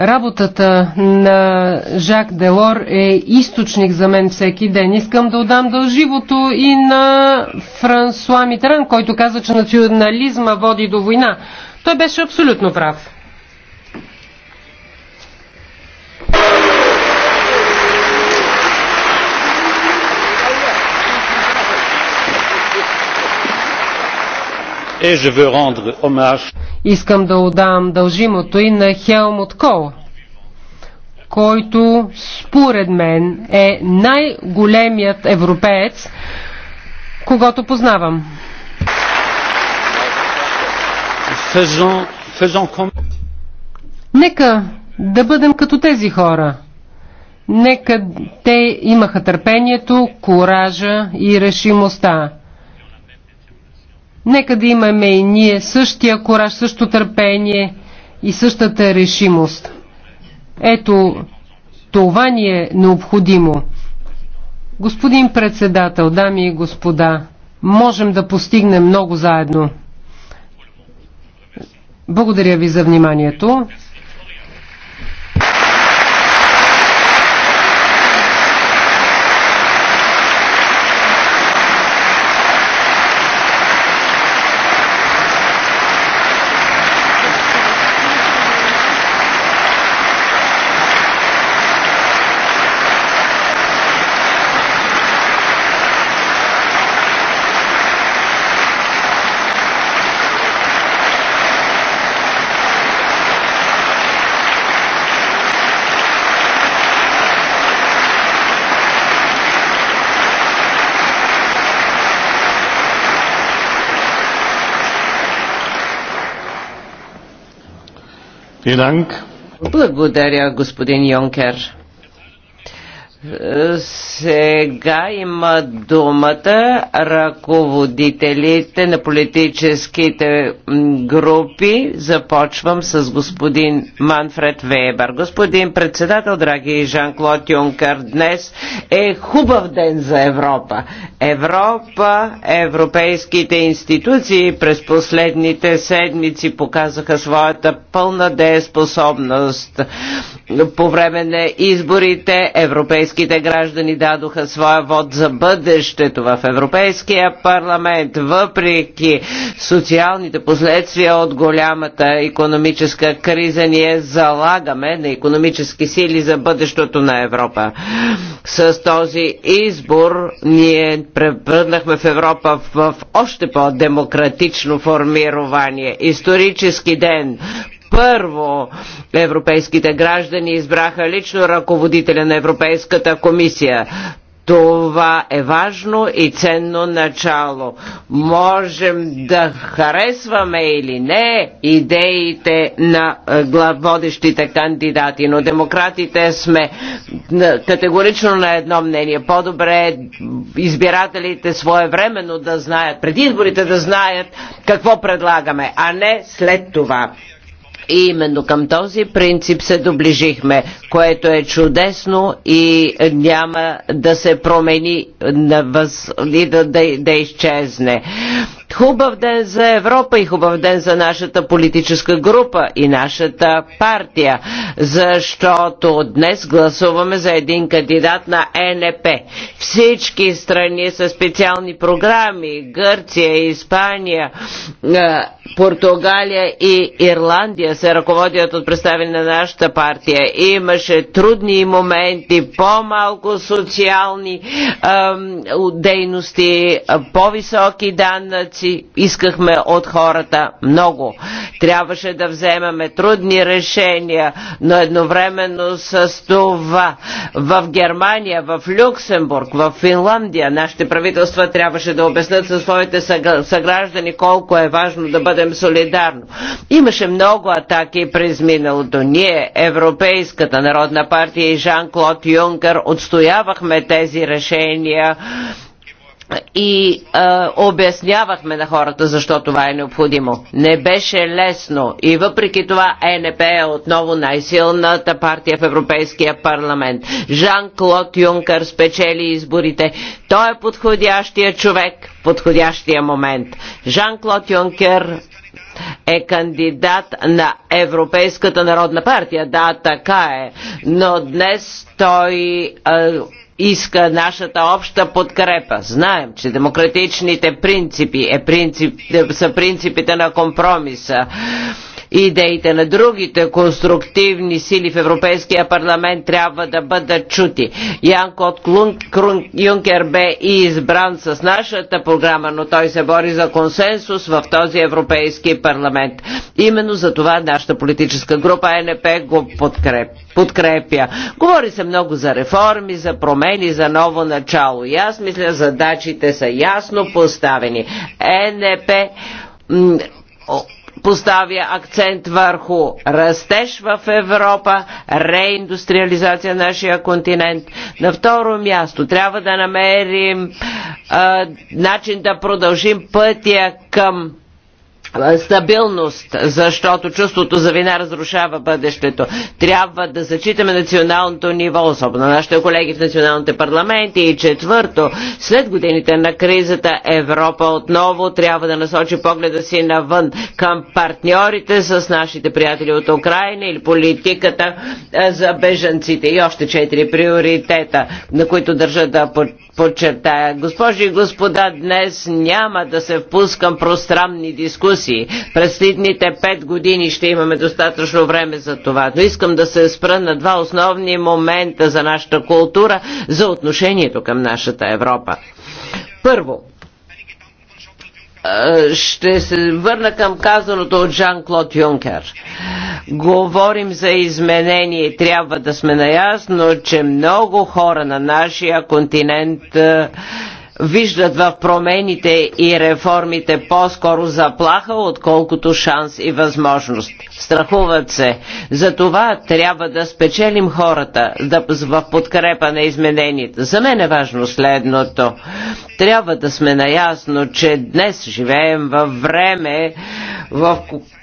Работата на Жак Делор е източник за мен всеки ден. Искам да отдам дълживото и на Франсуа Митран, който каза, че национализма води до война. Той беше абсолютно прав. Искам да отдам дължимото и на Хелмут Кол, който според мен е най-големият европеец, когато познавам. Нека да бъдем като тези хора. Нека те имаха търпението, коража и решимостта. Нека да имаме и ние същия кораж, също търпение и същата решимост. Ето, това ни е необходимо. Господин председател, дами и господа, можем да постигнем много заедно. Благодаря ви за вниманието. Благодаря, господин Йонкер сега има думата ръководителите на политическите групи. Започвам с господин Манфред Вебер. Господин председател, драги Жан-Клод Юнкер, днес е хубав ден за Европа. Европа, европейските институции през последните седмици показаха своята пълна дееспособност. По време на изборите европейските граждани дадоха своя вод за бъдещето в Европейския парламент, въпреки социалните последствия от голямата економическа криза, ние залагаме на економически сили за бъдещето на Европа. С този избор ние превърнахме в Европа в още по-демократично формирование. Исторически ден, първо, европейските граждани избраха лично ръководителя на Европейската комисия. Това е важно и ценно начало. Можем да харесваме или не идеите на е, главодещите кандидати, но демократите сме категорично на едно мнение. По-добре избирателите своевременно да знаят, преди изборите да знаят какво предлагаме, а не след това. И именно към този принцип се доближихме, което е чудесно и няма да се промени и да, да, да изчезне. Хубав ден за Европа и хубав ден за нашата политическа група и нашата партия, защото днес гласуваме за един кандидат на ЕНП. Всички страни са специални програми Гърция, Испания, Португалия и Ирландия се ръководят от представени на нашата партия. Имаше трудни моменти, по-малко социални дейности, по-високи данъци въпроси искахме от хората много. Трябваше да вземаме трудни решения, но едновременно с това в Германия, в Люксембург, в Финландия нашите правителства трябваше да обяснат със своите съграждани колко е важно да бъдем солидарно. Имаше много атаки през миналото. Ние, Европейската народна партия и Жан-Клод Юнкер, отстоявахме тези решения и а, обяснявахме на хората защо това е необходимо. Не беше лесно и въпреки това ЕНП е отново най-силната партия в Европейския парламент. Жан-Клод Юнкър спечели изборите. Той е подходящия човек, подходящия момент. Жан-Клод Юнкър е кандидат на Европейската народна партия. Да, така е. Но днес той а, иска нашата обща подкрепа. Знаем, че демократичните принципи е принцип, са принципите на компромиса идеите на другите конструктивни сили в Европейския парламент трябва да бъдат чути. Ян Кот Юнкер бе и избран с нашата програма, но той се бори за консенсус в този Европейски парламент. Именно за това нашата политическа група е НП го подкреп, подкрепя. Говори се много за реформи, за промени, за ново начало. И аз мисля, задачите са ясно поставени. Е НП поставя акцент върху растеж в Европа, реиндустриализация на нашия континент. На второ място трябва да намерим а, начин да продължим пътя към стабилност, защото чувството за вина разрушава бъдещето. Трябва да зачитаме националното ниво, особено нашите колеги в националните парламенти. И четвърто, след годините на кризата Европа отново трябва да насочи погледа си навън към партньорите с нашите приятели от Украина или политиката за бежанците. И още четири приоритета, на които държа да подчертая. Госпожи и господа, днес няма да се впускам пространни дискусии си. През следните пет години ще имаме достатъчно време за това. Но искам да се спра на два основни момента за нашата култура, за отношението към нашата Европа. Първо, ще се върна към казаното от Жан-Клод Юнкер. Говорим за изменение трябва да сме наясно, че много хора на нашия континент виждат в промените и реформите по-скоро заплаха, отколкото шанс и възможност. Страхуват се. За това трябва да спечелим хората да, в подкрепа на измененията. За мен е важно следното. Трябва да сме наясно, че днес живеем във време, в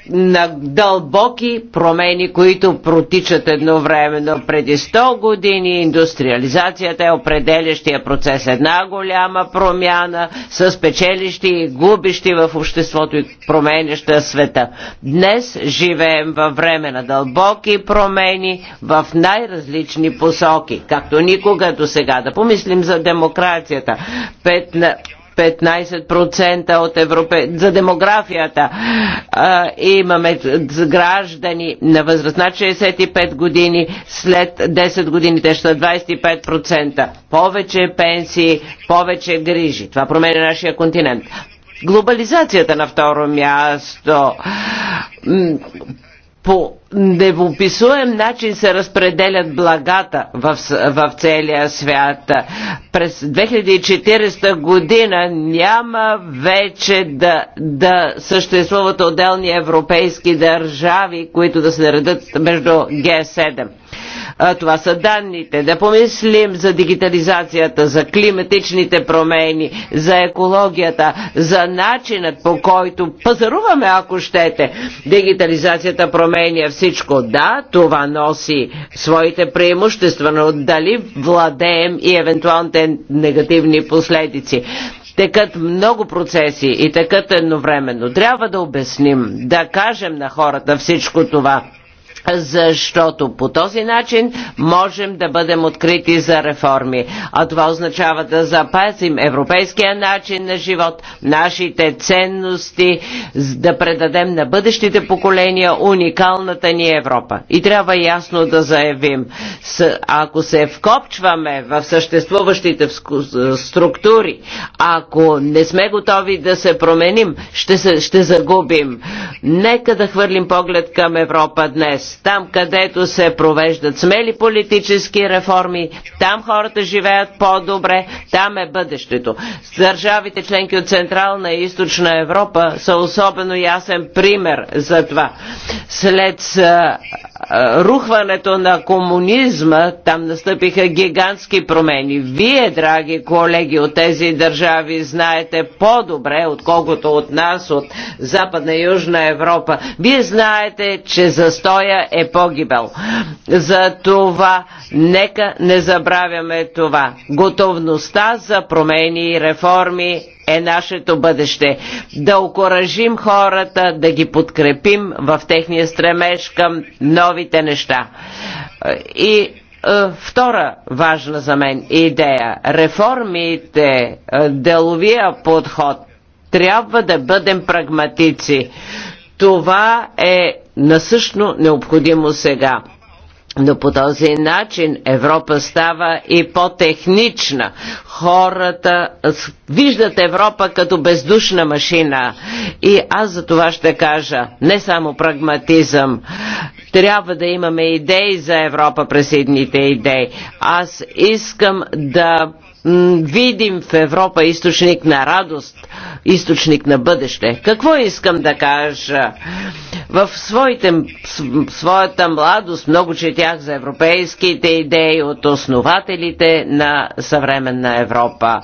на дълбоки промени, които протичат едновременно. Преди 100 години индустриализацията е определящия процес. Една голяма промяна с печелищи и губищи в обществото и променяща света. Днес живеем във време на дълбоки промени в най-различни посоки, както никога до сега. Да помислим за демокрацията. 15% от Европе... за демографията. А, имаме граждани на възраст над 65 години, след 10 години те ще 25%. Повече пенсии, повече грижи. Това променя нашия континент. Глобализацията на второ място по невописуем начин се разпределят благата в, в целия свят. През 2040 година няма вече да, да съществуват отделни европейски държави, които да се наредат между Г7. Това са данните. Да помислим за дигитализацията, за климатичните промени, за екологията, за начинът по който пазаруваме, ако щете. Дигитализацията променя всичко. Да, това носи своите преимущества, но дали владеем и евентуалните негативни последици текат много процеси и текат едновременно. Трябва да обясним, да кажем на хората всичко това защото по този начин можем да бъдем открити за реформи. А това означава да запазим европейския начин на живот, нашите ценности, да предадем на бъдещите поколения уникалната ни Европа. И трябва ясно да заявим, ако се вкопчваме в съществуващите структури, ако не сме готови да се променим, ще, се, ще загубим. Нека да хвърлим поглед към Европа днес там където се провеждат смели политически реформи, там хората живеят по-добре, там е бъдещето. Държавите членки от Централна и Източна Европа са особено ясен пример за това. След рухването на комунизма, там настъпиха гигантски промени. Вие, драги колеги от тези държави, знаете по-добре, отколкото от нас, от Западна и Южна Европа. Вие знаете, че застоя е погибел. За това нека не забравяме това. Готовността за промени и реформи е нашето бъдеще. Да окоръжим хората, да ги подкрепим в техния стремеж към новите неща. И е, втора важна за мен идея. Реформите, е, деловия подход. Трябва да бъдем прагматици. Това е насъщно необходимо сега. Но по този начин Европа става и по-технична. Хората виждат Европа като бездушна машина. И аз за това ще кажа, не само прагматизъм. Трябва да имаме идеи за Европа през едните идеи. Аз искам да видим в Европа източник на радост, източник на бъдеще. Какво искам да кажа? В своите, своята младост много четях за европейските идеи от основателите на съвременна Европа.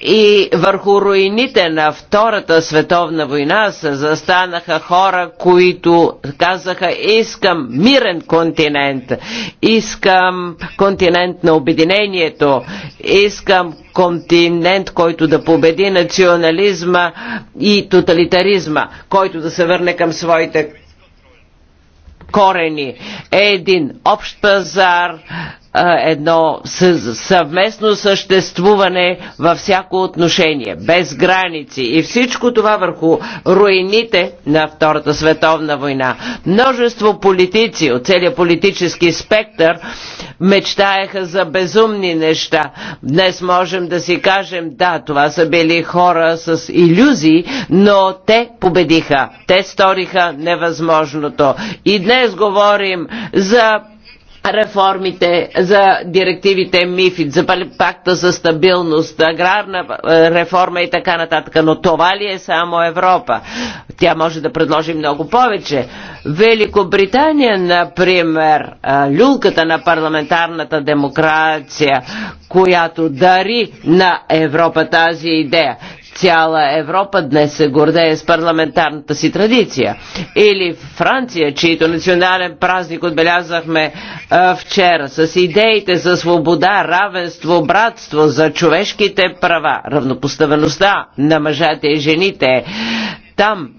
И върху руините на Втората световна война се застанаха хора, които казаха искам мирен континент, искам континент на обединението, Искам континент, който да победи национализма и тоталитаризма, който да се върне към своите корени. Един общ пазар, едно съвместно съществуване във всяко отношение, без граници и всичко това върху руините на Втората световна война. Множество политици от целия политически спектър мечтаеха за безумни неща. Днес можем да си кажем, да, това са били хора с иллюзии, но те победиха. Те сториха невъзможното. И днес говорим за реформите за директивите МИФИД, за пакта за стабилност, аграрна е, реформа и така нататък. Но това ли е само Европа? Тя може да предложи много повече. Великобритания, например, е, люлката на парламентарната демокрация, която дари на Европа тази идея. Цяла Европа днес се гордее с парламентарната си традиция. Или Франция, чието национален празник отбелязахме а, е, вчера с идеите за свобода, равенство, братство, за човешките права, равнопоставеността на мъжете и жените. Там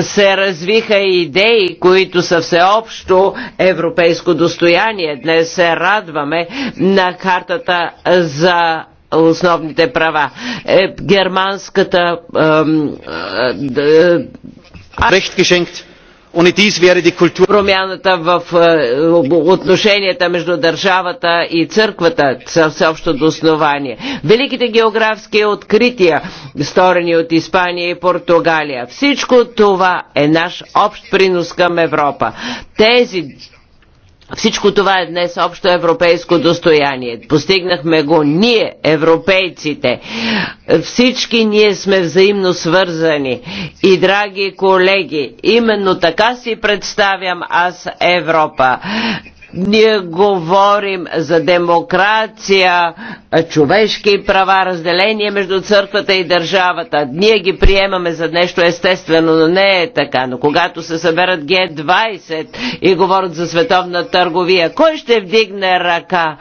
се развиха идеи, които са всеобщо европейско достояние. Днес се радваме на картата за основните права. Е, германската е, dies wäre die Kultur. Промяната в е, отношенията между държавата и църквата са всеобщото основание. Великите географски открития, сторени от Испания и Португалия. Всичко това е наш общ принос към Европа. Тези всичко това е днес общо европейско достояние. Постигнахме го ние, европейците. Всички ние сме взаимно свързани. И, драги колеги, именно така си представям аз Европа. Ние говорим за демокрация, човешки права, разделение между църквата и държавата. Ние ги приемаме за нещо естествено, но не е така. Но когато се съберат Г20 и говорят за световна търговия, кой ще вдигне ръка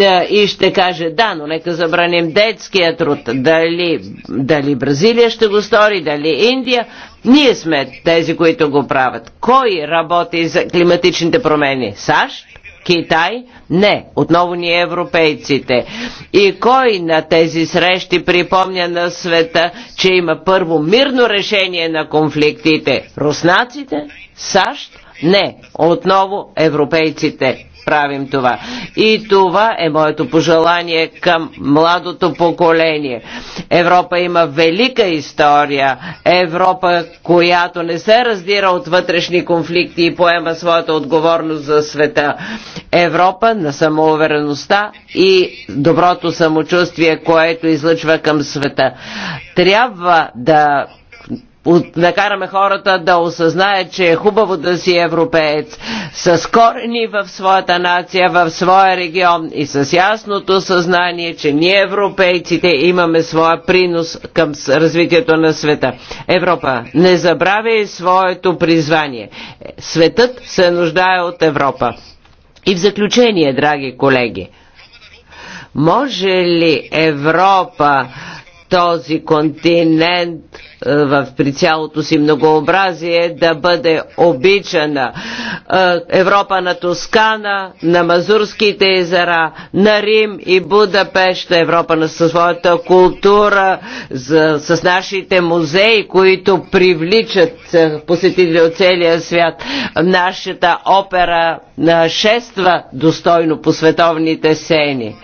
е, и ще каже да, но нека забраним детския труд. Дали, дали Бразилия ще го стори, дали Индия, ние сме тези, които го правят. Кой работи за климатичните промени? САЩ? Китай? Не, отново ние европейците. И кой на тези срещи припомня на света, че има първо мирно решение на конфликтите? Руснаците? САЩ? Не, отново европейците правим това. И това е моето пожелание към младото поколение. Европа има велика история. Европа, която не се раздира от вътрешни конфликти и поема своята отговорност за света. Европа на самоувереността и доброто самочувствие, което излъчва към света. Трябва да накараме хората да осъзнаят, че е хубаво да си европеец, с корени в своята нация, в своя регион и с ясното съзнание, че ние европейците имаме своя принос към развитието на света. Европа, не забравяй своето призвание. Светът се нуждае от Европа. И в заключение, драги колеги, може ли Европа този континент е, в, при цялото си многообразие да бъде обичана. Е, Европа на Тоскана, на Мазурските езера, на Рим и Будапешта, Европа на със своята култура, с нашите музеи, които привличат е, посетители от целия свят. Нашата опера шества достойно по световните сцени.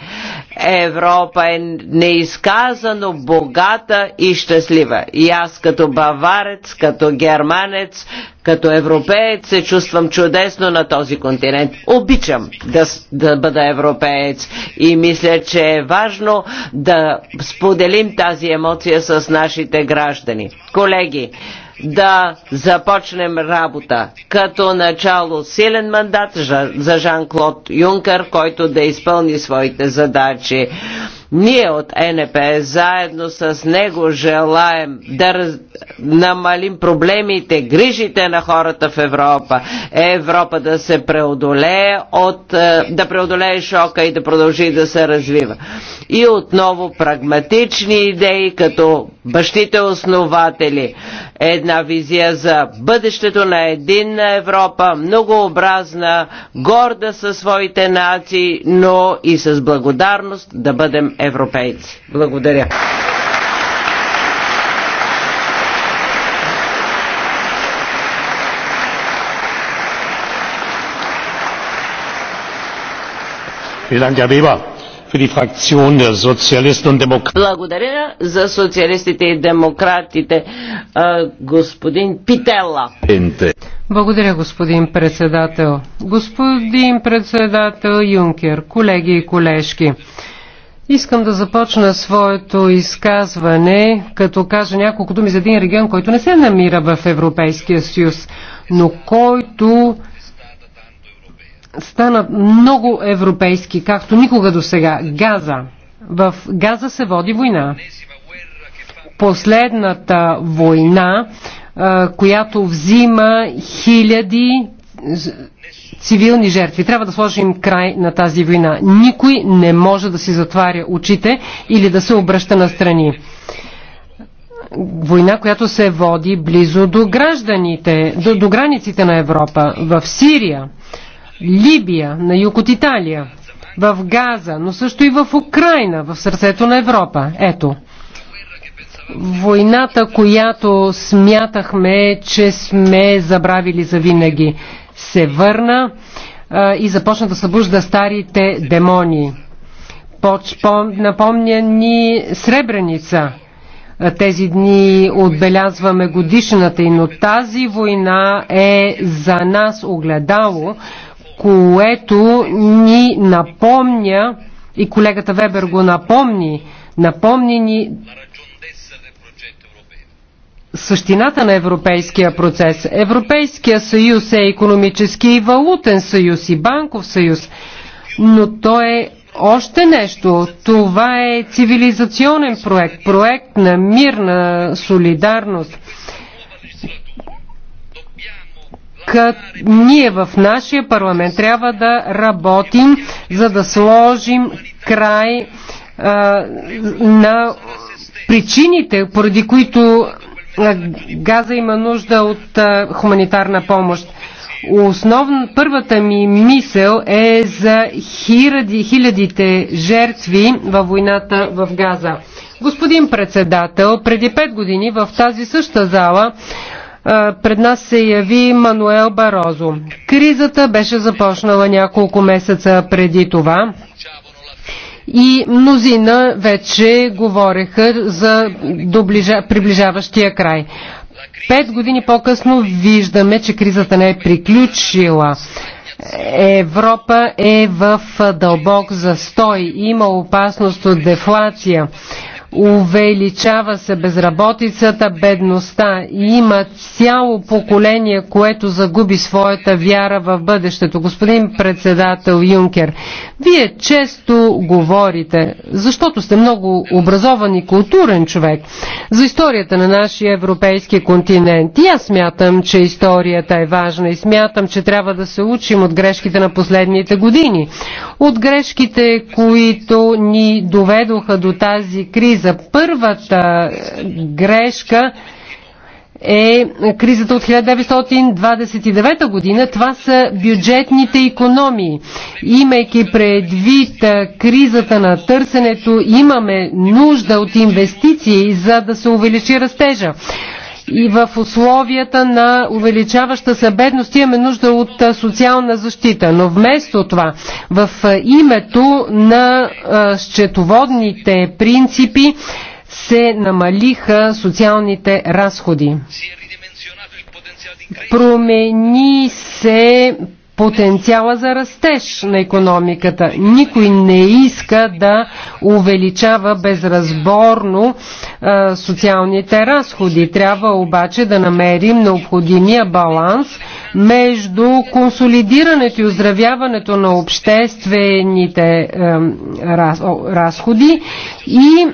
Европа е неизказано богата и щастлива. И аз като баварец, като германец, като европеец се чувствам чудесно на този континент. Обичам да, да бъда европеец и мисля, че е важно да споделим тази емоция с нашите граждани. Колеги, да започнем работа. Като начало силен мандат за Жан-Клод Юнкър, който да изпълни своите задачи. Ние от НП заедно с него желаем да раз... намалим проблемите, грижите на хората в Европа. Европа да се преодолее от... Е, да преодолее шока и да продължи да се развива. И отново прагматични идеи, като бащите основатели. Една визия за бъдещето на единна Европа, многообразна, горда със своите нации, но и с благодарност да бъдем европейци. Благодаря. Благодаря за социалистите и демократите, господин Питела. Благодаря, господин председател. Господин председател Юнкер, колеги и колежки. Искам да започна своето изказване, като кажа няколко думи за един регион, който не се намира в Европейския съюз, но който стана много европейски, както никога до сега. Газа. В Газа се води война. Последната война, която взима хиляди цивилни жертви. Трябва да сложим край на тази война. Никой не може да си затваря очите или да се обръща на страни. Война, която се води близо до гражданите, до, до границите на Европа, в Сирия, Либия, на юг от Италия, в Газа, но също и в Украина, в сърцето на Европа. Ето. Войната, която смятахме, че сме забравили завинаги се върна и започна да събужда старите демони. Напомня ни Сребреница. Тези дни отбелязваме годишната и но тази война е за нас огледало, което ни напомня и колегата Вебер го напомни, напомни ни същината на европейския процес. Европейския съюз е економически и валутен съюз и банков съюз, но то е още нещо. Това е цивилизационен проект, проект на мир, на солидарност. Кът ние в нашия парламент трябва да работим, за да сложим край а, на причините, поради които е, Газа има нужда от е, хуманитарна помощ. Основна, първата ми мисъл е за хиради, хилядите жертви във войната в Газа. Господин председател, преди пет години в тази съща зала е, пред нас се яви Мануел Барозо. Кризата беше започнала няколко месеца преди това и мнозина вече говореха за доближа, приближаващия край. Пет години по-късно виждаме, че кризата не е приключила. Европа е в дълбок застой. Има опасност от дефлация увеличава се безработицата, бедността и има цяло поколение, което загуби своята вяра в бъдещето. Господин председател Юнкер, вие често говорите, защото сте много образован и културен човек, за историята на нашия европейски континент. И аз смятам, че историята е важна и смятам, че трябва да се учим от грешките на последните години. От грешките, които ни доведоха до тази криза, криза. Първата грешка е кризата от 1929 година. Това са бюджетните економии. Имайки предвид кризата на търсенето, имаме нужда от инвестиции, за да се увеличи растежа и в условията на увеличаваща се бедност имаме нужда от социална защита. Но вместо това, в името на счетоводните принципи се намалиха социалните разходи. Промени се потенциала за растеж на економиката. Никой не иска да увеличава безразборно а, социалните разходи. Трябва обаче да намерим необходимия баланс между консолидирането и оздравяването на обществените а, раз, разходи и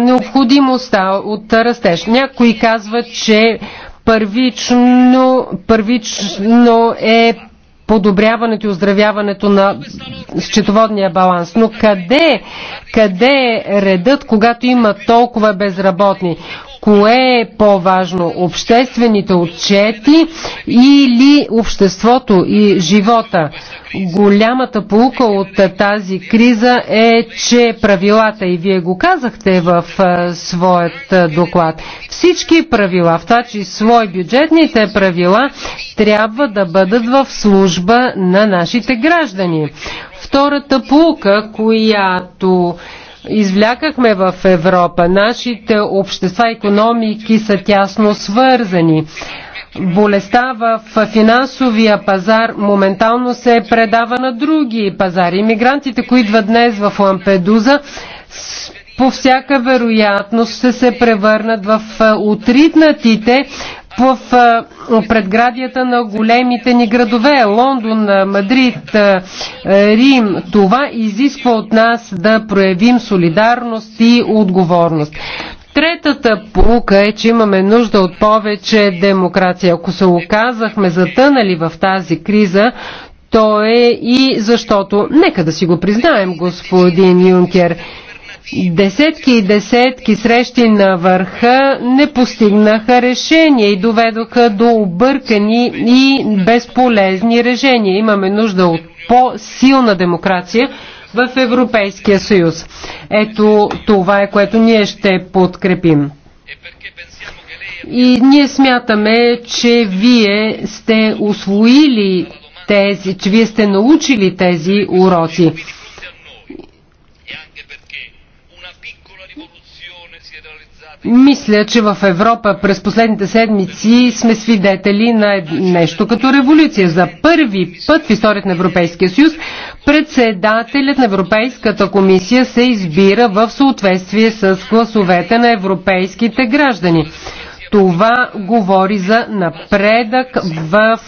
необходимостта от растеж. Някои казват, че Първично, първично е подобряването и оздравяването на счетоводния баланс. Но къде, къде е редът, когато има толкова безработни? кое е по-важно обществените отчети или обществото и живота. Голямата полука от тази криза е, че правилата, и вие го казахте в своят доклад, всички правила, в това число и бюджетните правила, трябва да бъдат в служба на нашите граждани. Втората полука, която извлякахме в Европа. Нашите общества и економики са тясно свързани. Болестта в финансовия пазар моментално се предава на други пазари. Имигрантите, които идват днес в Лампедуза, по всяка вероятност ще се превърнат в е, отритнатите в предградията на големите ни градове Лондон, Мадрид, Рим. Това изисква от нас да проявим солидарност и отговорност. Третата полука е, че имаме нужда от повече демокрация. Ако се оказахме затънали в тази криза, то е и защото, нека да си го признаем, господин Юнкер, Десетки и десетки срещи на върха не постигнаха решение и доведоха до объркани и безполезни решения. Имаме нужда от по-силна демокрация в Европейския съюз. Ето това е което ние ще подкрепим. И ние смятаме, че вие сте освоили тези, че вие сте научили тези уроци. Мисля, че в Европа през последните седмици сме свидетели на нещо като революция. За първи път в историята на Европейския съюз председателят на Европейската комисия се избира в съответствие с гласовете на европейските граждани. Това говори за напредък в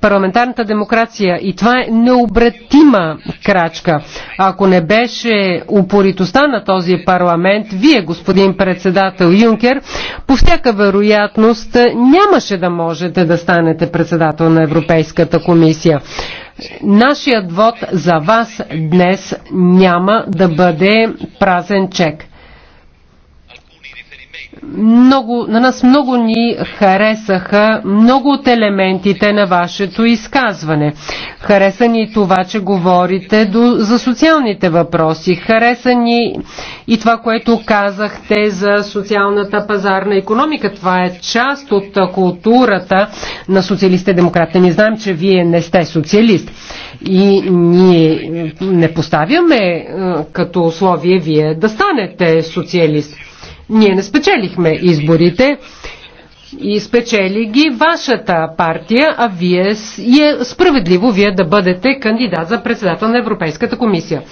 парламентарната демокрация и това е необратима крачка. Ако не беше упоритостта на този парламент, вие, господин председател Юнкер, по всяка вероятност нямаше да можете да станете председател на Европейската комисия. Нашият вод за вас днес няма да бъде празен чек много, на нас много ни харесаха много от елементите на вашето изказване. Хареса ни това, че говорите до, за социалните въпроси. Хареса ни и това, което казахте за социалната пазарна економика. Това е част от културата на социалистите демократите. Не знаем, че вие не сте социалист. И ние не поставяме като условие вие да станете социалист. Ние не спечелихме изборите и спечели ги вашата партия, а вие и е справедливо вие да бъдете кандидат за председател на Европейската комисия.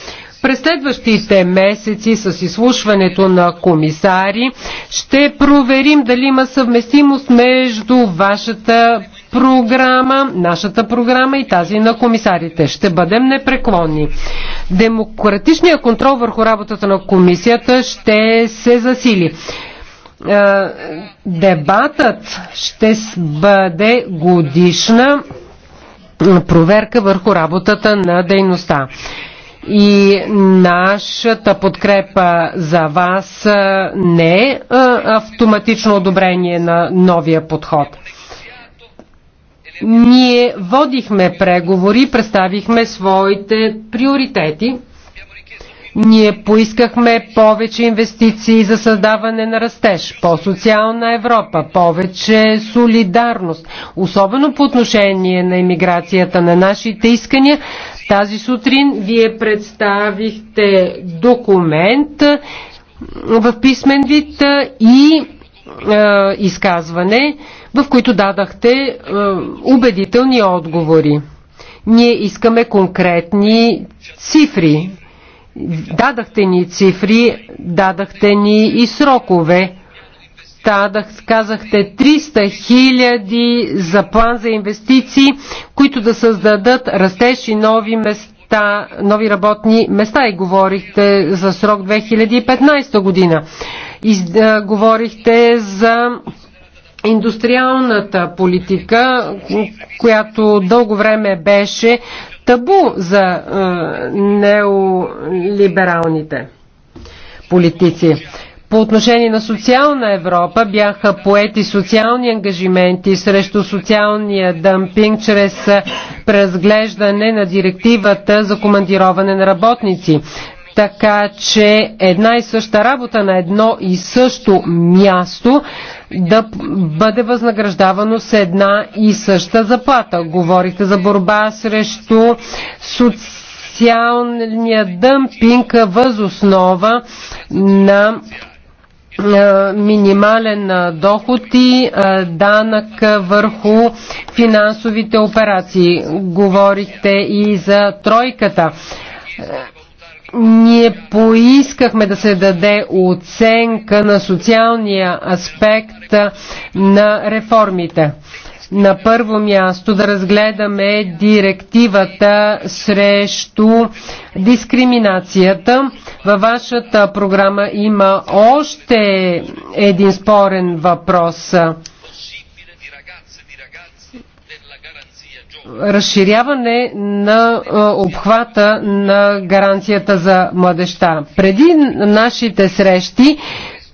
През следващите месеци с изслушването на комисари ще проверим дали има съвместимост между вашата програма, нашата програма и тази на комисарите. Ще бъдем непреклонни. Демократичният контрол върху работата на комисията ще се засили. Е, дебатът ще бъде годишна проверка върху работата на дейността и нашата подкрепа за вас е, не е, е автоматично одобрение на новия подход. Ние водихме преговори, представихме своите приоритети. Ние поискахме повече инвестиции за създаване на растеж, по-социална Европа, повече солидарност, особено по отношение на иммиграцията на нашите искания. Тази сутрин вие представихте документ в писмен вид и е, изказване, в които дадахте е, убедителни отговори. Ние искаме конкретни цифри. Дадахте ни цифри, дадахте ни и срокове. Дадах, казахте 300 хиляди за план за инвестиции, които да създадат растещи нови места, нови работни места и говорихте за срок 2015 година. Из, да, говорихте за индустриалната политика, която дълго време беше табу за а, неолибералните политици. По отношение на социална Европа бяха поети социални ангажименти срещу социалния дъмпинг чрез преразглеждане на директивата за командироване на работници така че една и съща работа на едно и също място да бъде възнаграждавано с една и съща заплата. Говорихте за борба срещу социалния дъмпинг възоснова на е, минимален доход и е, данък върху финансовите операции. Говорихте и за тройката. Ние поискахме да се даде оценка на социалния аспект на реформите. На първо място да разгледаме директивата срещу дискриминацията. Във вашата програма има още един спорен въпрос. разширяване на обхвата на гаранцията за младеща. Преди нашите срещи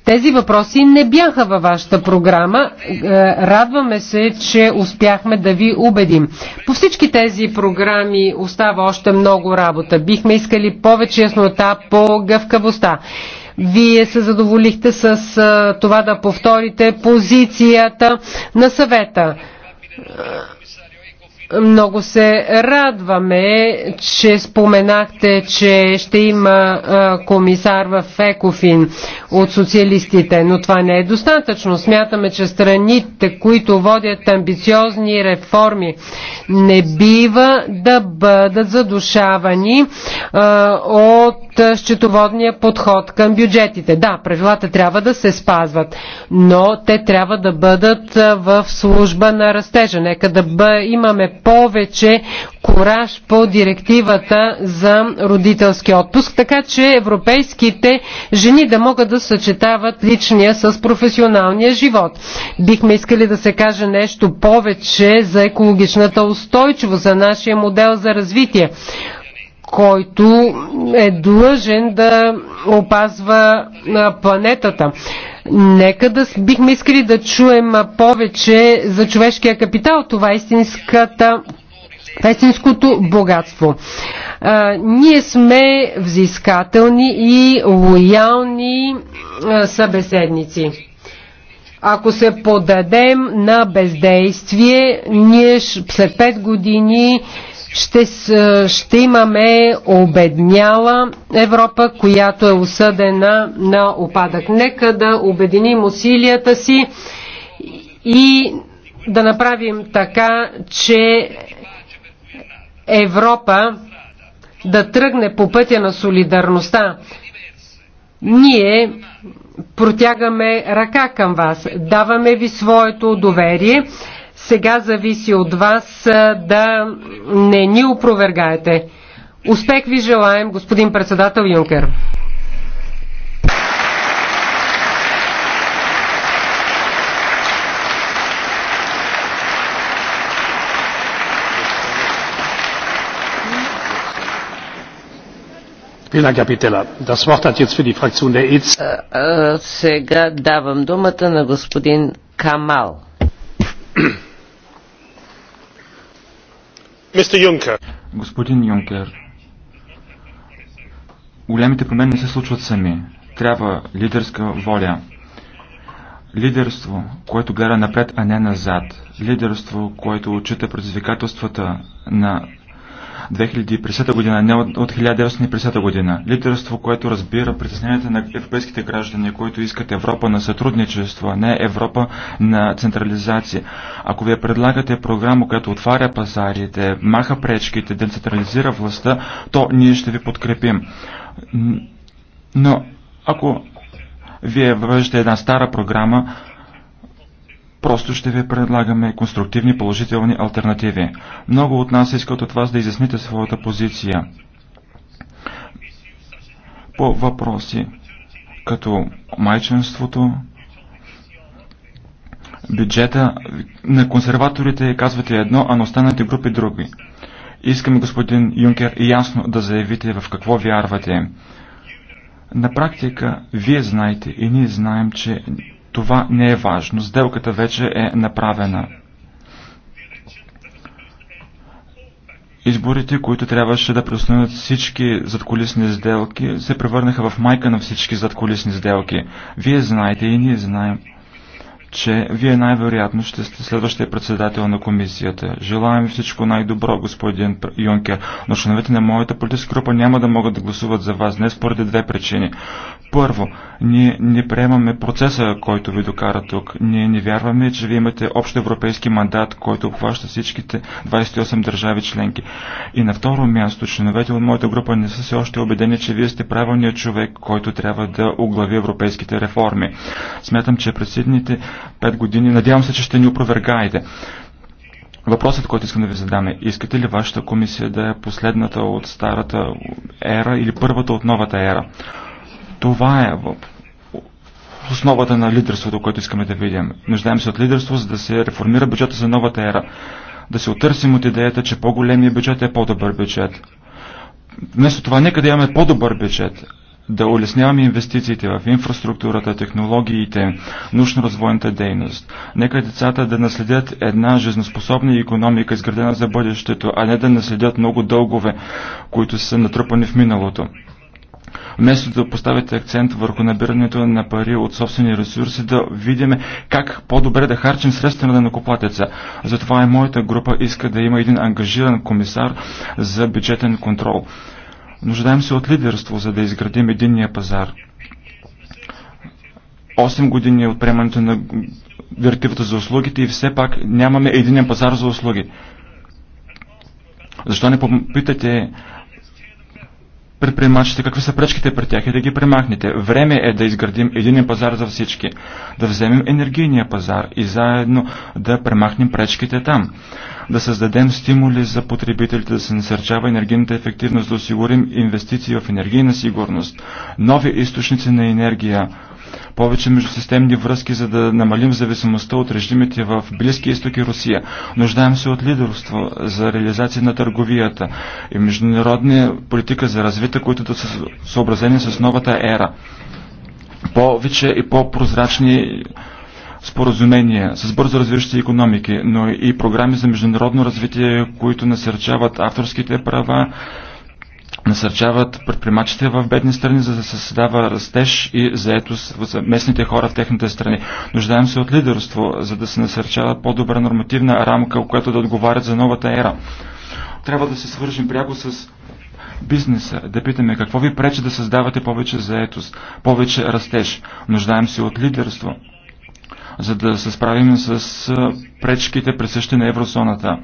тези въпроси не бяха във вашата програма. Е, радваме се, че успяхме да ви убедим. По всички тези програми остава още много работа. Бихме искали повече яснота по гъвкавостта. Вие се задоволихте с това да повторите позицията на съвета много се радваме, че споменахте, че ще има комисар в Екофин от социалистите, но това не е достатъчно. Смятаме, че страните, които водят амбициозни реформи, не бива да бъдат задушавани от счетоводния подход към бюджетите. Да, правилата трябва да се спазват, но те трябва да бъдат в служба на растежа. Нека да бъ... имаме повече кораж по директивата за родителски отпуск, така че европейските жени да могат да съчетават личния с професионалния живот. Бихме искали да се каже нещо повече за екологичната устойчивост, за нашия модел за развитие който е длъжен да опазва планетата. Нека да бихме искали да чуем повече за човешкия капитал. Това е истинската това е истинското богатство. А, ние сме взискателни и лоялни а, събеседници. Ако се подадем на бездействие, ние след 5 години ще, ще имаме обедняла Европа, която е осъдена на опадък. Нека да обединим усилията си и да направим така, че Европа да тръгне по пътя на солидарността. Ние протягаме ръка към вас, даваме ви своето доверие сега зависи от вас да не ни опровергаете. Успех ви желаем, господин председател Юнкер. Е, е, сега давам думата на господин Камал. Господин Юнкер, големите промени не се случват сами. Трябва лидерска воля. Лидерство, което гледа напред, а не назад. Лидерство, което отчита предизвикателствата на 2050 година, не от, от 1950 година. Лидерство, което разбира притесненията на европейските граждани, които искат Европа на сътрудничество, а не Европа на централизация. Ако вие предлагате програма, която отваря пазарите, маха пречките, децентрализира властта, то ние ще ви подкрепим. Но ако вие въвеждате една стара програма, Просто ще ви предлагаме конструктивни положителни альтернативи. Много от нас искат от вас да изясните своята позиция по въпроси като майчинството, бюджета. На консерваторите казвате едно, а на останалите групи други. Искам господин Юнкер ясно да заявите в какво вярвате. На практика, вие знаете и ние знаем, че това не е важно. Сделката вече е направена. Изборите, които трябваше да преустановят всички задколисни сделки, се превърнаха в майка на всички задколисни сделки. Вие знаете и ние знаем, че вие най-вероятно ще сте следващия председател на комисията. Желаем всичко най-добро, господин Юнкер, но членовете на моята политическа група няма да могат да гласуват за вас днес поради две причини. Първо, ние не приемаме процеса, който ви докара тук. Ние не вярваме, че вие имате общ европейски мандат, който обхваща всичките 28 държави членки. И на второ място, членовете от моята група не са все още убедени, че вие сте правилният човек, който трябва да оглави европейските реформи. Смятам, че през следните 5 години, надявам се, че ще ни опровергаете. Въпросът, който искам да ви задам е, искате ли вашата комисия да е последната от старата ера или първата от новата ера? Това е в основата на лидерството, което искаме да видим. Нуждаем се от лидерство, за да се реформира бюджета за новата ера. Да се отърсим от идеята, че по-големия бюджет е по-добър бюджет. Вместо това, нека да имаме по-добър бюджет, да улесняваме инвестициите в инфраструктурата, технологиите, научно-развойната дейност. Нека децата да наследят една жизнеспособна економика, изградена за бъдещето, а не да наследят много дългове, които са натрупани в миналото вместо да поставите акцент върху набирането на пари от собствени ресурси, да видим как по-добре да харчим средства на накоплатеца. Затова и моята група иска да има един ангажиран комисар за бюджетен контрол. Нуждаем се от лидерство, за да изградим единния пазар. 8 години от приемането на директивата за услугите и все пак нямаме единен пазар за услуги. Защо не попитате предприемачите, какви са пречките пред тях и да ги премахнете. Време е да изградим един пазар за всички, да вземем енергийния пазар и заедно да премахнем пречките там, да създадем стимули за потребителите да се насърчава енергийната ефективност, да осигурим инвестиции в енергийна сигурност, нови източници на енергия, повече междусистемни връзки, за да намалим зависимостта от режимите в Близкия изток и Русия. Нуждаем се от лидерство за реализация на търговията и международна политика за развитие, които да са съобразени с новата ера. Повече и по-прозрачни споразумения с бързо развиващи економики, но и програми за международно развитие, които насърчават авторските права, насърчават предприемачите в бедни страни, за да се създава растеж и заетост за местните хора в техните страни. Нуждаем се от лидерство, за да се насърчава по-добра нормативна рамка, която да отговарят за новата ера. Трябва да се свържим пряко с бизнеса, да питаме какво ви пречи да създавате повече заетост, повече растеж. Нуждаем се от лидерство, за да се справим с пречките присъщи на еврозоната.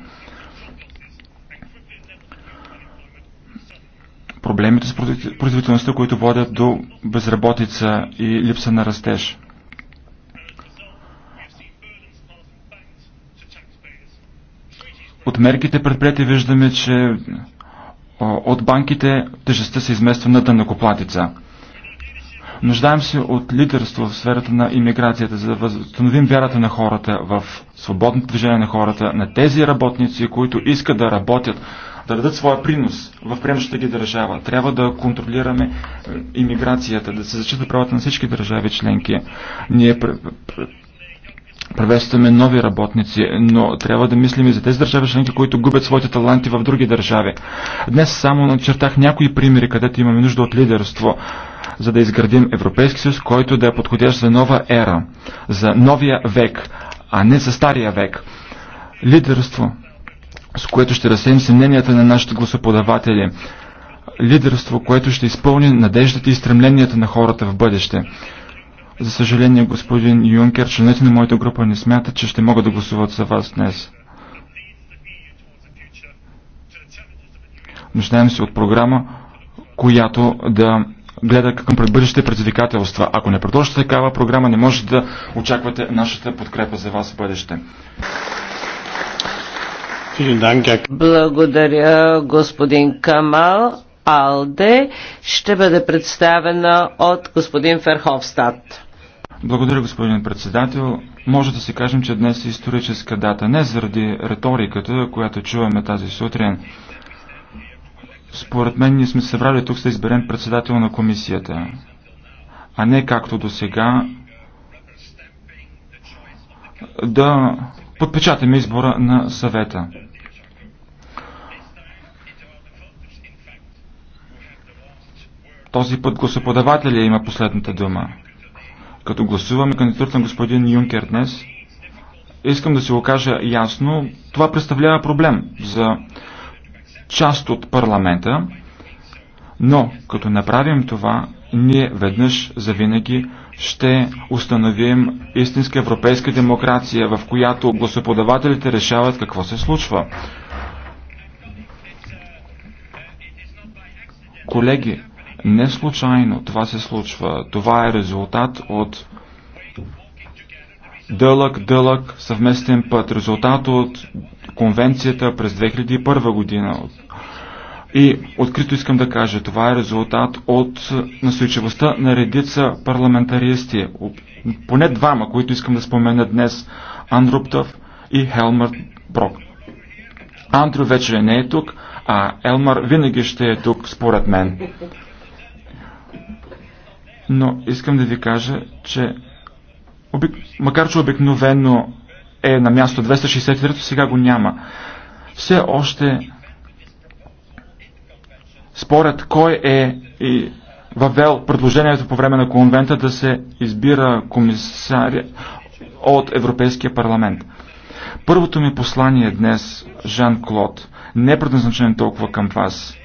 проблемите с производителността, които водят до безработица и липса на растеж. От мерките предприяти виждаме, че от банките тежестта се измества на дънакоплатица. Нуждаем се от лидерство в сферата на иммиграцията, за да възстановим вярата на хората в свободното движение на хората, на тези работници, които искат да работят, да дадат своя принос в приемащата ги държава. Трябва да контролираме е, иммиграцията, да се зачита правата на всички държави членки. Ние превестваме нови работници, но трябва да мислим и за тези държави членки, които губят своите таланти в други държави. Днес само начертах някои примери, където имаме нужда от лидерство, за да изградим Европейски съюз, който да е подходящ за нова ера, за новия век, а не за стария век. Лидерство с което ще разсеем съмненията на нашите гласоподаватели. Лидерство, което ще изпълни надеждата и стремленията на хората в бъдеще. За съжаление, господин Юнкер, членете на моята група не смятат, че ще могат да гласуват за вас днес. Нуждаем се от програма, която да гледа към бъдещите предизвикателства. Ако не продължите такава програма, не можете да очаквате нашата подкрепа за вас в бъдеще. Благодаря, господин Камал. Алде ще бъде представена от господин Ферховстат. Благодаря, господин председател. Може да се кажем, че днес е историческа дата. Не заради риториката, която чуваме тази сутрин. Според мен ние сме събрали тук да изберем председател на комисията, а не както до сега да подпечатаме избора на съвета. Този път гласоподавателя има последната дума. Като гласуваме кандидатурата на господин Юнкер днес, искам да си го кажа ясно, това представлява проблем за част от парламента, но като направим това, ние веднъж за винаги ще установим истинска европейска демокрация, в която гласоподавателите решават какво се случва. Колеги, не случайно това се случва. Това е резултат от дълъг, дълъг съвместен път. Резултат от конвенцията през 2001 година. И открито искам да кажа, това е резултат от настойчивостта на редица парламентаристи. Поне двама, които искам да спомена днес. Андруптов и Хелмър Брок. Андрю вече не е тук, а Елмар винаги ще е тук, според мен. Но искам да ви кажа, че обик... макар че обикновено е на място 263, сега го няма. Все още според кой е и въвел предложението по време на конвента да се избира комисар от Европейския парламент. Първото ми послание днес, Жан-Клод, не е предназначен толкова към вас.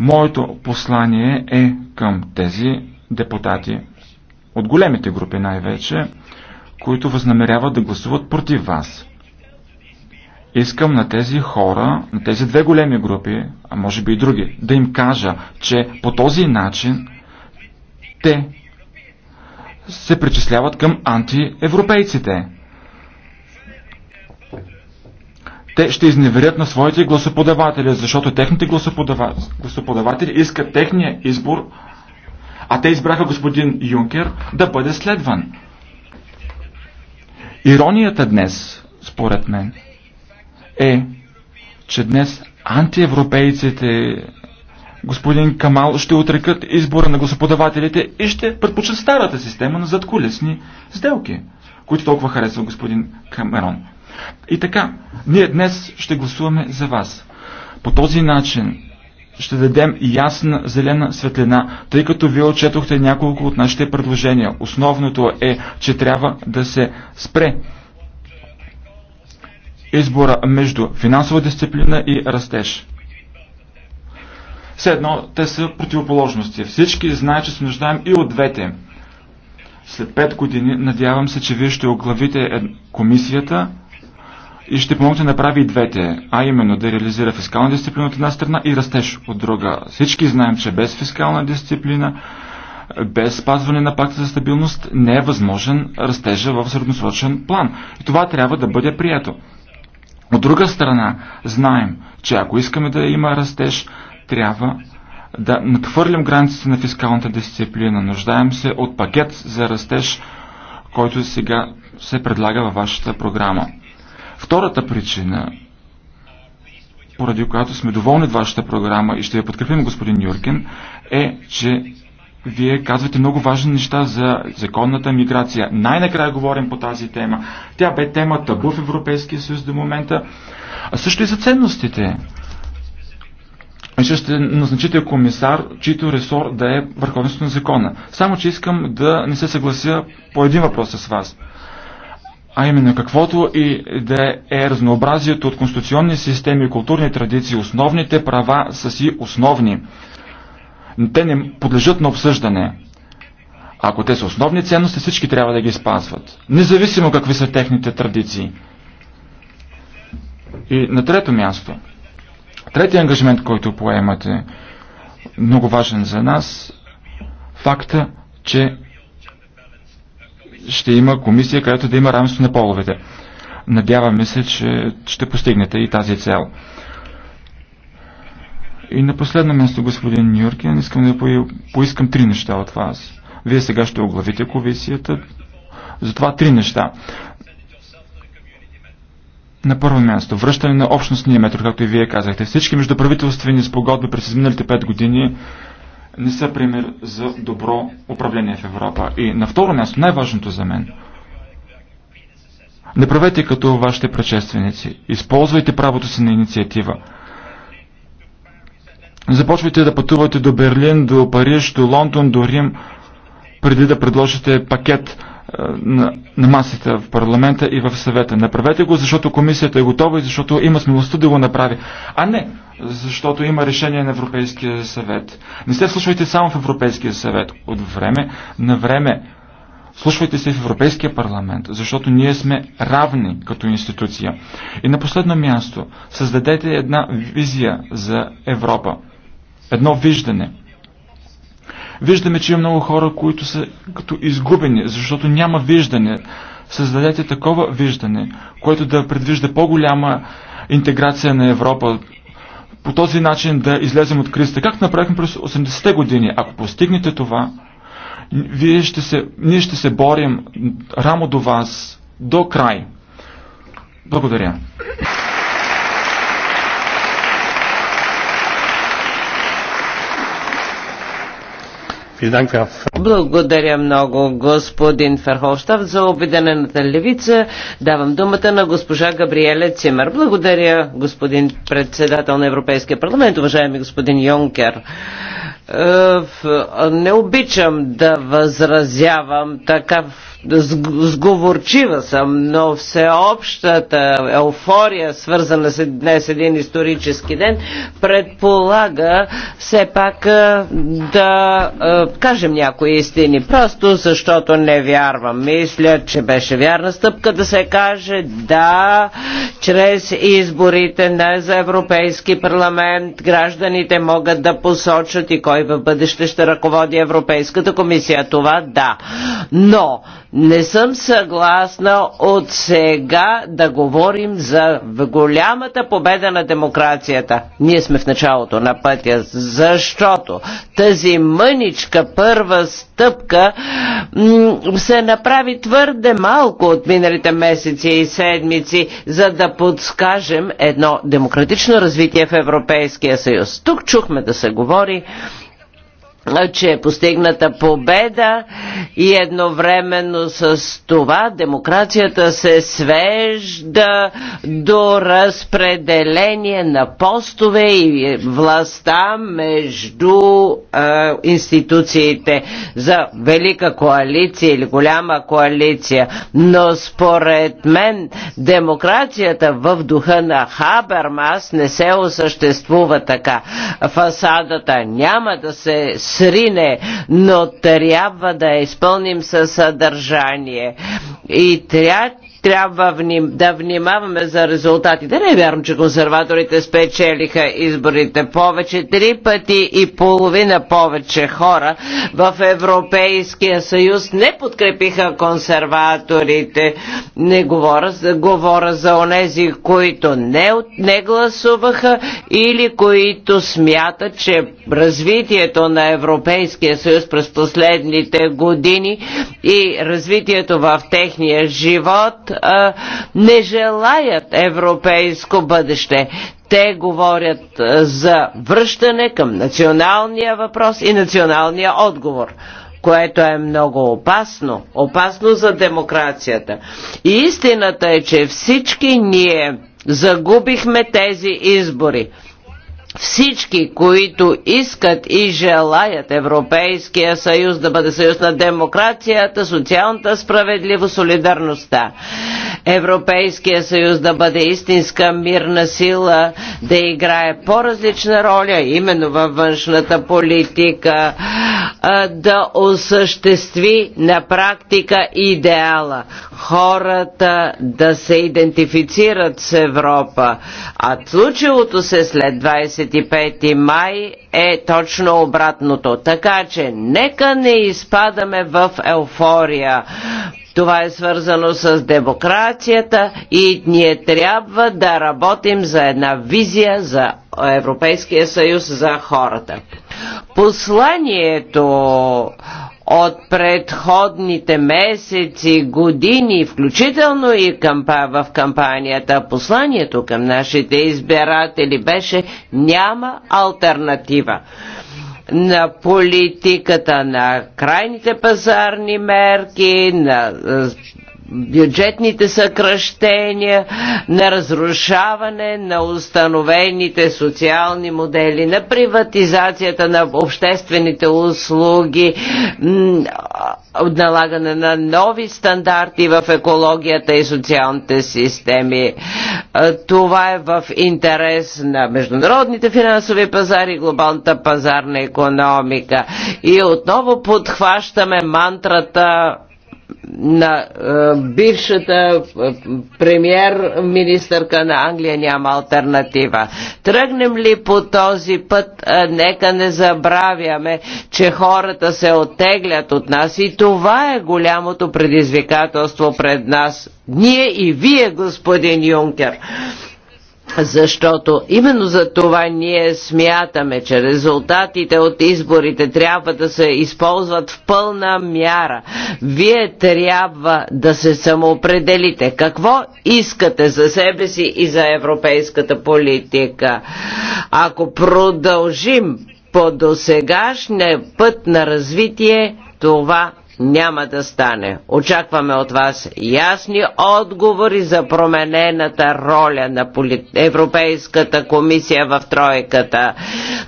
Моето послание е към тези, депутати, от големите групи най-вече, които възнамеряват да гласуват против вас. Искам на тези хора, на тези две големи групи, а може би и други, да им кажа, че по този начин те се причисляват към антиевропейците. Те ще изневерят на своите гласоподаватели, защото техните гласоподаватели искат техния избор а те избраха господин Юнкер да бъде следван. Иронията днес, според мен, е, че днес антиевропейците, господин Камал, ще отрекат избора на господавателите и ще предпочат старата система на задколесни сделки, които толкова харесва господин Камерон. И така, ние днес ще гласуваме за вас. По този начин ще дадем ясна зелена светлина, тъй като вие отчетохте няколко от нашите предложения. Основното е, че трябва да се спре избора между финансова дисциплина и растеж. Все едно, те са противоположности. Всички знаят, че се нуждаем и от двете. След пет години надявам се, че вие ще оглавите комисията, и ще помогне да направи и двете, а именно да реализира фискална дисциплина от една страна и растеж от друга. Всички знаем, че без фискална дисциплина, без спазване на пакта за стабилност не е възможен растежа в средносрочен план. И това трябва да бъде прието. От друга страна, знаем, че ако искаме да има растеж, трябва да надхвърлим границите на фискалната дисциплина. Нуждаем се от пакет за растеж, който сега се предлага във вашата програма. Втората причина, поради която сме доволни от вашата програма и ще я подкрепим, господин Юркин, е, че вие казвате много важни неща за законната миграция. Най-накрая говорим по тази тема. Тя бе тема табу в Европейския съюз до момента, а също и за ценностите. Ще, ще назначите комисар, чийто ресор да е върховенството на закона. Само, че искам да не се съглася по един въпрос с вас а именно каквото и да е разнообразието от конституционни системи и културни традиции, основните права са си основни. Те не подлежат на обсъждане. Ако те са основни ценности, всички трябва да ги спазват. Независимо какви са техните традиции. И на трето място, третия ангажимент, който поемате, много важен за нас, факта, че ще има комисия, която да има равенство на половете. Надяваме се, че ще постигнете и тази цел. И на последно място, господин Нюркин, искам да поискам три неща от вас. Вие сега ще оглавите комисията. Затова три неща. На първо място, връщане на общностния метод, както и вие казахте. Всички междуправителствени спогодби през изминалите пет години не са пример за добро управление в Европа. И на второ място, най-важното за мен, не правете като вашите предшественици. Използвайте правото си на инициатива. Започвайте да пътувате до Берлин, до Париж, до Лондон, до Рим, преди да предложите пакет е, на, на масата в парламента и в съвета. Направете го, защото комисията е готова и защото има смелостта да го направи. А не, защото има решение на Европейския съвет. Не се слушайте само в Европейския съвет. От време на време Слушвайте се в Европейския парламент, защото ние сме равни като институция. И на последно място, създадете една визия за Европа. Едно виждане – Виждаме, че има много хора, които са като изгубени, защото няма виждане. Създадете такова виждане, което да предвижда по-голяма интеграция на Европа, по този начин да излезем от кризата, както направихме през 80-те години. Ако постигнете това, вие ще се, ние ще се борим рамо до вас до край. Благодаря. Благодаря много, господин Ферховщав за обеденената левица. Давам думата на госпожа Габриеле Цимер. Благодаря, господин председател на Европейския парламент, уважаеми господин Йонкер. Е, не обичам да възразявам такъв Сговорчива съм, но всеобщата еуфория, свързана с днес един исторически ден, предполага все пак да кажем някои истини. Просто защото не вярвам. Мисля, че беше вярна стъпка да се каже да, чрез изборите на за Европейски парламент гражданите могат да посочат и кой в бъдеще ще ръководи Европейската комисия. Това да. Но не съм съгласна от сега да говорим за голямата победа на демокрацията. Ние сме в началото на пътя, защото тази мъничка първа стъпка се направи твърде малко от миналите месеци и седмици, за да подскажем едно демократично развитие в Европейския съюз. Тук чухме да се говори че е постигната победа и едновременно с това демокрацията се свежда до разпределение на постове и властта между е, институциите за велика коалиция или голяма коалиция. Но според мен демокрацията в духа на Хабермас не се осъществува така. Фасадата няма да се срине, но трябва да я изпълним със съдържание. И трябва трябва вним, да внимаваме за резултатите. Не е вярно, че консерваторите спечелиха изборите повече, три пъти и половина повече хора в Европейския съюз не подкрепиха консерваторите. Не говоря, говоря за онези, които не, не гласуваха или които смятат, че развитието на Европейския съюз през последните години и развитието в техния живот а, не желаят европейско бъдеще. Те говорят за връщане към националния въпрос и националния отговор което е много опасно, опасно за демокрацията. И истината е, че всички ние загубихме тези избори всички, които искат и желаят Европейския съюз да бъде съюз на демокрацията, социалната справедливост, солидарността. Европейския съюз да бъде истинска мирна сила, да играе по-различна роля, именно във външната политика, да осъществи на практика идеала. Хората да се идентифицират с Европа. А случилото се след 20 25 май е точно обратното. Така че нека не изпадаме в еуфория. Това е свързано с демокрацията и ние трябва да работим за една визия за Европейския съюз за хората. Посланието от предходните месеци, години, включително и в кампанията, посланието към нашите избиратели беше няма альтернатива на политиката на крайните пазарни мерки, на бюджетните съкръщения, на разрушаване на установените социални модели, на приватизацията на обществените услуги, налагане на нови стандарти в екологията и социалните системи. Това е в интерес на международните финансови пазари и глобалната пазарна економика. И отново подхващаме мантрата на е, бившата е, премьер-министърка на Англия няма альтернатива. Тръгнем ли по този път, е, нека не забравяме, че хората се оттеглят от нас и това е голямото предизвикателство пред нас. Ние и вие, господин Юнкер защото именно за това ние смятаме, че резултатите от изборите трябва да се използват в пълна мяра. Вие трябва да се самоопределите какво искате за себе си и за европейската политика. Ако продължим по досегашния път на развитие, това няма да стане. Очакваме от вас ясни отговори за променената роля на Европейската комисия в тройката.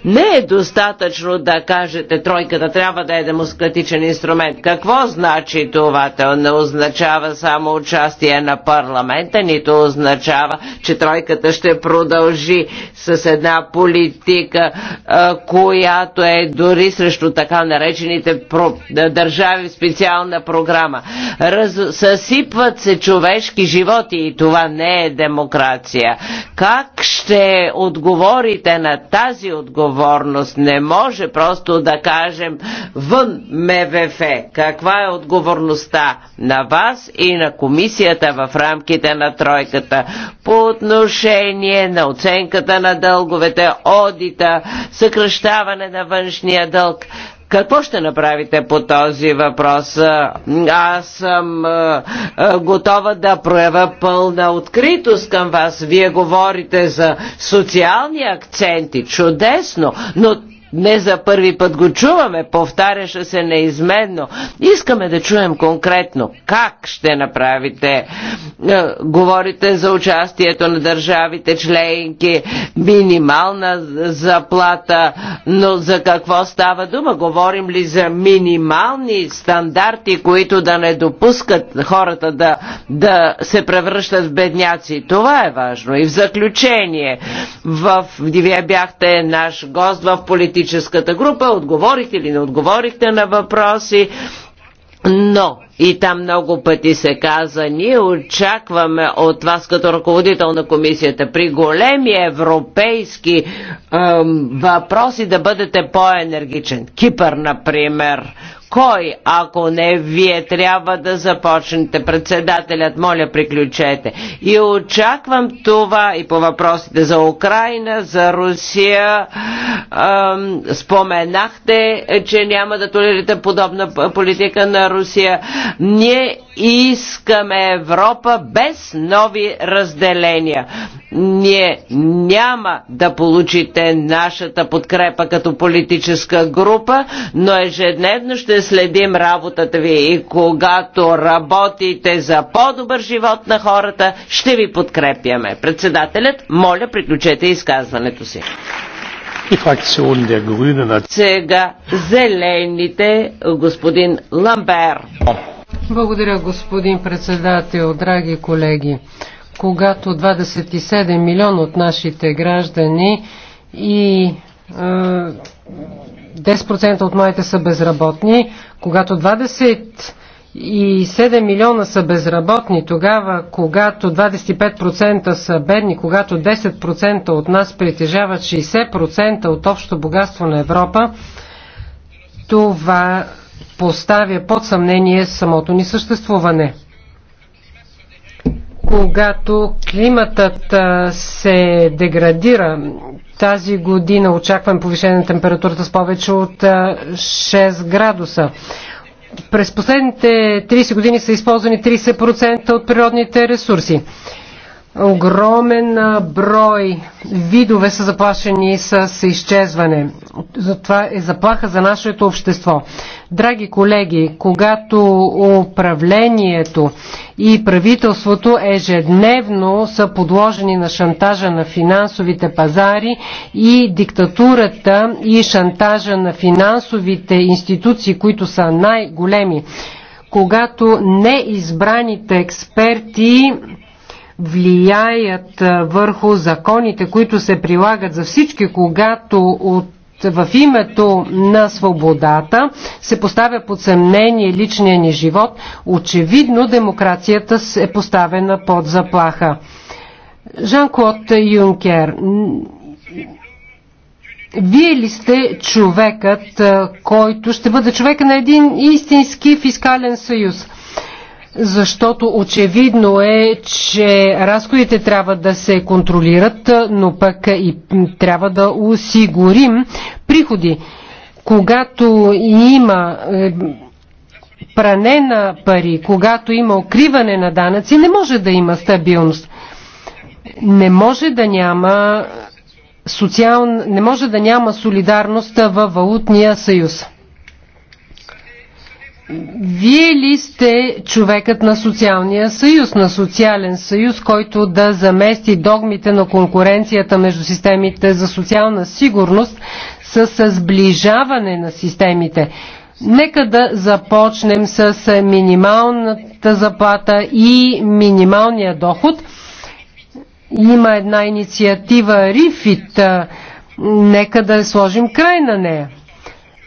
Не е достатъчно да кажете тройката трябва да е демократичен инструмент. Какво значи това? Те не означава само участие на парламента, нито означава, че тройката ще продължи с една политика, която е дори срещу така наречените държави с специална програма. Раз... Съсипват се човешки животи и това не е демокрация. Как ще отговорите на тази отговорност? Не може просто да кажем вън МВФ. Каква е отговорността на вас и на комисията в рамките на тройката по отношение на оценката на дълговете, одита, съкръщаване на външния дълг? Какво ще направите по този въпрос? Аз съм е, е, готова да проявя пълна откритост към вас. Вие говорите за социални акценти. Чудесно, но не за първи път го чуваме, повтаряше се неизменно. Искаме да чуем конкретно как ще направите. Е, говорите за участието на държавите членки, минимална заплата, но за какво става дума? Говорим ли за минимални стандарти, които да не допускат хората да, да се превръщат в бедняци? Това е важно. И в заключение, в, вие бяхте наш гост в политиката политическата група, отговорихте или не отговорихте на въпроси, но и там много пъти се каза, ние очакваме от вас като ръководител на комисията при големи европейски ем, въпроси да бъдете по-енергичен. Кипър, например, кой, ако не вие, трябва да започнете? Председателят, моля, приключете. И очаквам това и по въпросите за Украина, за Русия. Ем, споменахте, че няма да толерирате подобна политика на Русия. Ние искаме Европа без нови разделения. Ние няма да получите нашата подкрепа като политическа група, но ежедневно ще следим работата ви и когато работите за по-добър живот на хората, ще ви подкрепяме. Председателят, моля, приключете изказването си. Сега зелените, господин Ламбер. Благодаря, господин председател, драги колеги когато 27 милиона от нашите граждани и 10% от моите са безработни, когато 27 милиона са безработни, тогава когато 25% са бедни, когато 10% от нас притежават 60% от общото богатство на Европа, това поставя под съмнение самото ни съществуване когато климатът се деградира. Тази година очаквам повишение на температурата с повече от 6 градуса. През последните 30 години са използвани 30% от природните ресурси огромен брой видове са заплашени с изчезване. Затова е заплаха за нашето общество. Драги колеги, когато управлението и правителството ежедневно са подложени на шантажа на финансовите пазари и диктатурата и шантажа на финансовите институции, които са най-големи, когато неизбраните експерти влияят върху законите, които се прилагат за всички, когато от в името на свободата се поставя под съмнение личния ни живот, очевидно демокрацията е поставена под заплаха. Жан-Клод Юнкер, вие ли сте човекът, който ще бъде човека на един истински фискален съюз? защото очевидно е, че разходите трябва да се контролират, но пък и трябва да осигурим приходи. Когато има е, пране на пари, когато има укриване на данъци, не може да има стабилност. Не може да няма социал... не може да няма солидарност във валутния съюз. Вие ли сте човекът на социалния съюз, на социален съюз, който да замести догмите на конкуренцията между системите за социална сигурност с сближаване на системите? Нека да започнем с минималната заплата и минималния доход. Има една инициатива Рифит. Нека да сложим край на нея.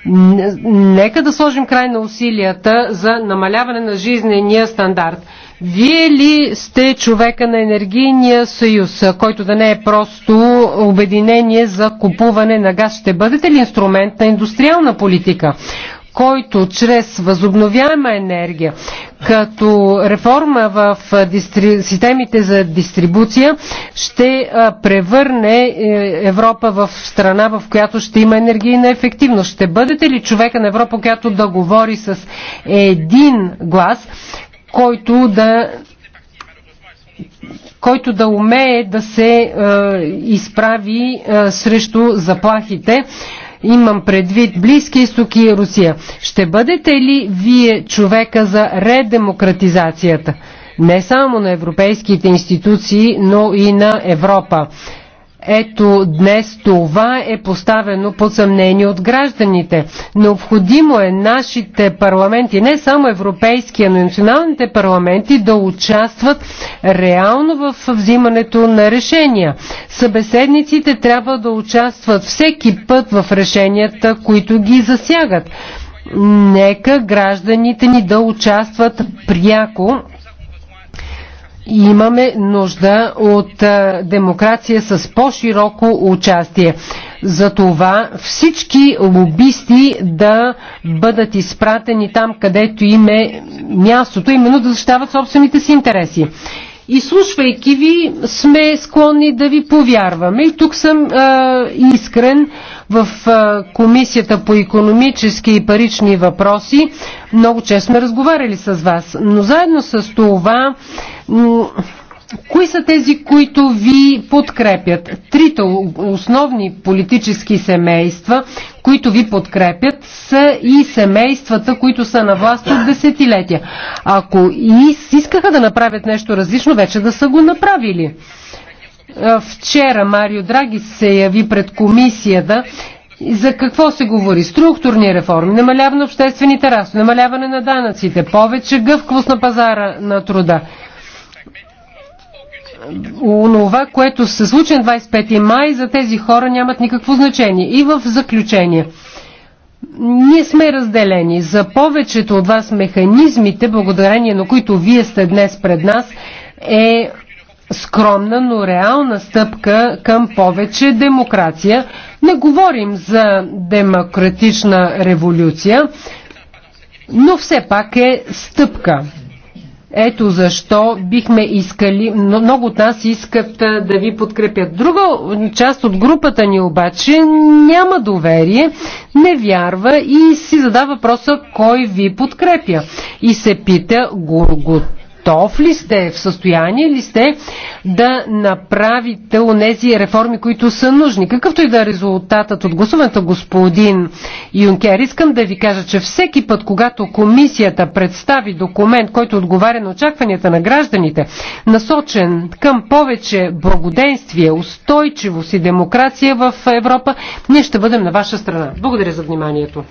Нека да сложим край на усилията за намаляване на жизнения стандарт. Вие ли сте човека на енергийния съюз, който да не е просто обединение за купуване на газ? Ще бъдете ли инструмент на индустриална политика, който чрез възобновяема енергия, като реформа в дистри... системите за дистрибуция, ще превърне е, Европа в страна, в която ще има енергийна ефективност. Ще бъдете ли човека на Европа, която да говори с един глас, който да който да умее да се е, изправи е, срещу заплахите, Имам предвид Близки изтоки и Русия. Ще бъдете ли вие човека за редемократизацията? Не само на европейските институции, но и на Европа. Ето днес това е поставено под съмнение от гражданите. Необходимо е нашите парламенти, не само европейския, но и националните парламенти да участват реално в взимането на решения. Събеседниците трябва да участват всеки път в решенията, които ги засягат. Нека гражданите ни да участват пряко Имаме нужда от демокрация с по-широко участие. За това всички лобисти да бъдат изпратени там, където им е мястото, именно да защитават собствените си интереси. И слушвайки ви, сме склонни да ви повярваме. И тук съм а, искрен в Комисията по економически и парични въпроси. Много често сме разговаряли с вас. Но заедно с това, кои са тези, които ви подкрепят? Трите основни политически семейства, които ви подкрепят, са и семействата, които са на власт от десетилетия. Ако и искаха да направят нещо различно, вече да са го направили. Вчера Марио Драги се яви пред комисията. За какво се говори? Структурни реформи, намаляване на обществените разходи, намаляване на данъците, повече гъвкавост на пазара на труда. Онова, което се случи на 25 май, за тези хора нямат никакво значение. И в заключение ние сме разделени. За повечето от вас механизмите, благодарение на които вие сте днес пред нас, е скромна, но реална стъпка към повече демокрация. Не говорим за демократична революция, но все пак е стъпка. Ето защо бихме искали, много от нас искат да ви подкрепят. Друга част от групата ни обаче няма доверие, не вярва и си задава въпроса кой ви подкрепя. И се пита, го, готов ли сте, в състояние ли сте да направите онези реформи, които са нужни? Какъвто и да е резултатът от гласуването, господин Юнкер, искам да ви кажа, че всеки път, когато комисията представи документ, който отговаря на очакванията на гражданите, насочен към повече благоденствие, устойчивост и демокрация в Европа, ние ще бъдем на ваша страна. Благодаря за вниманието.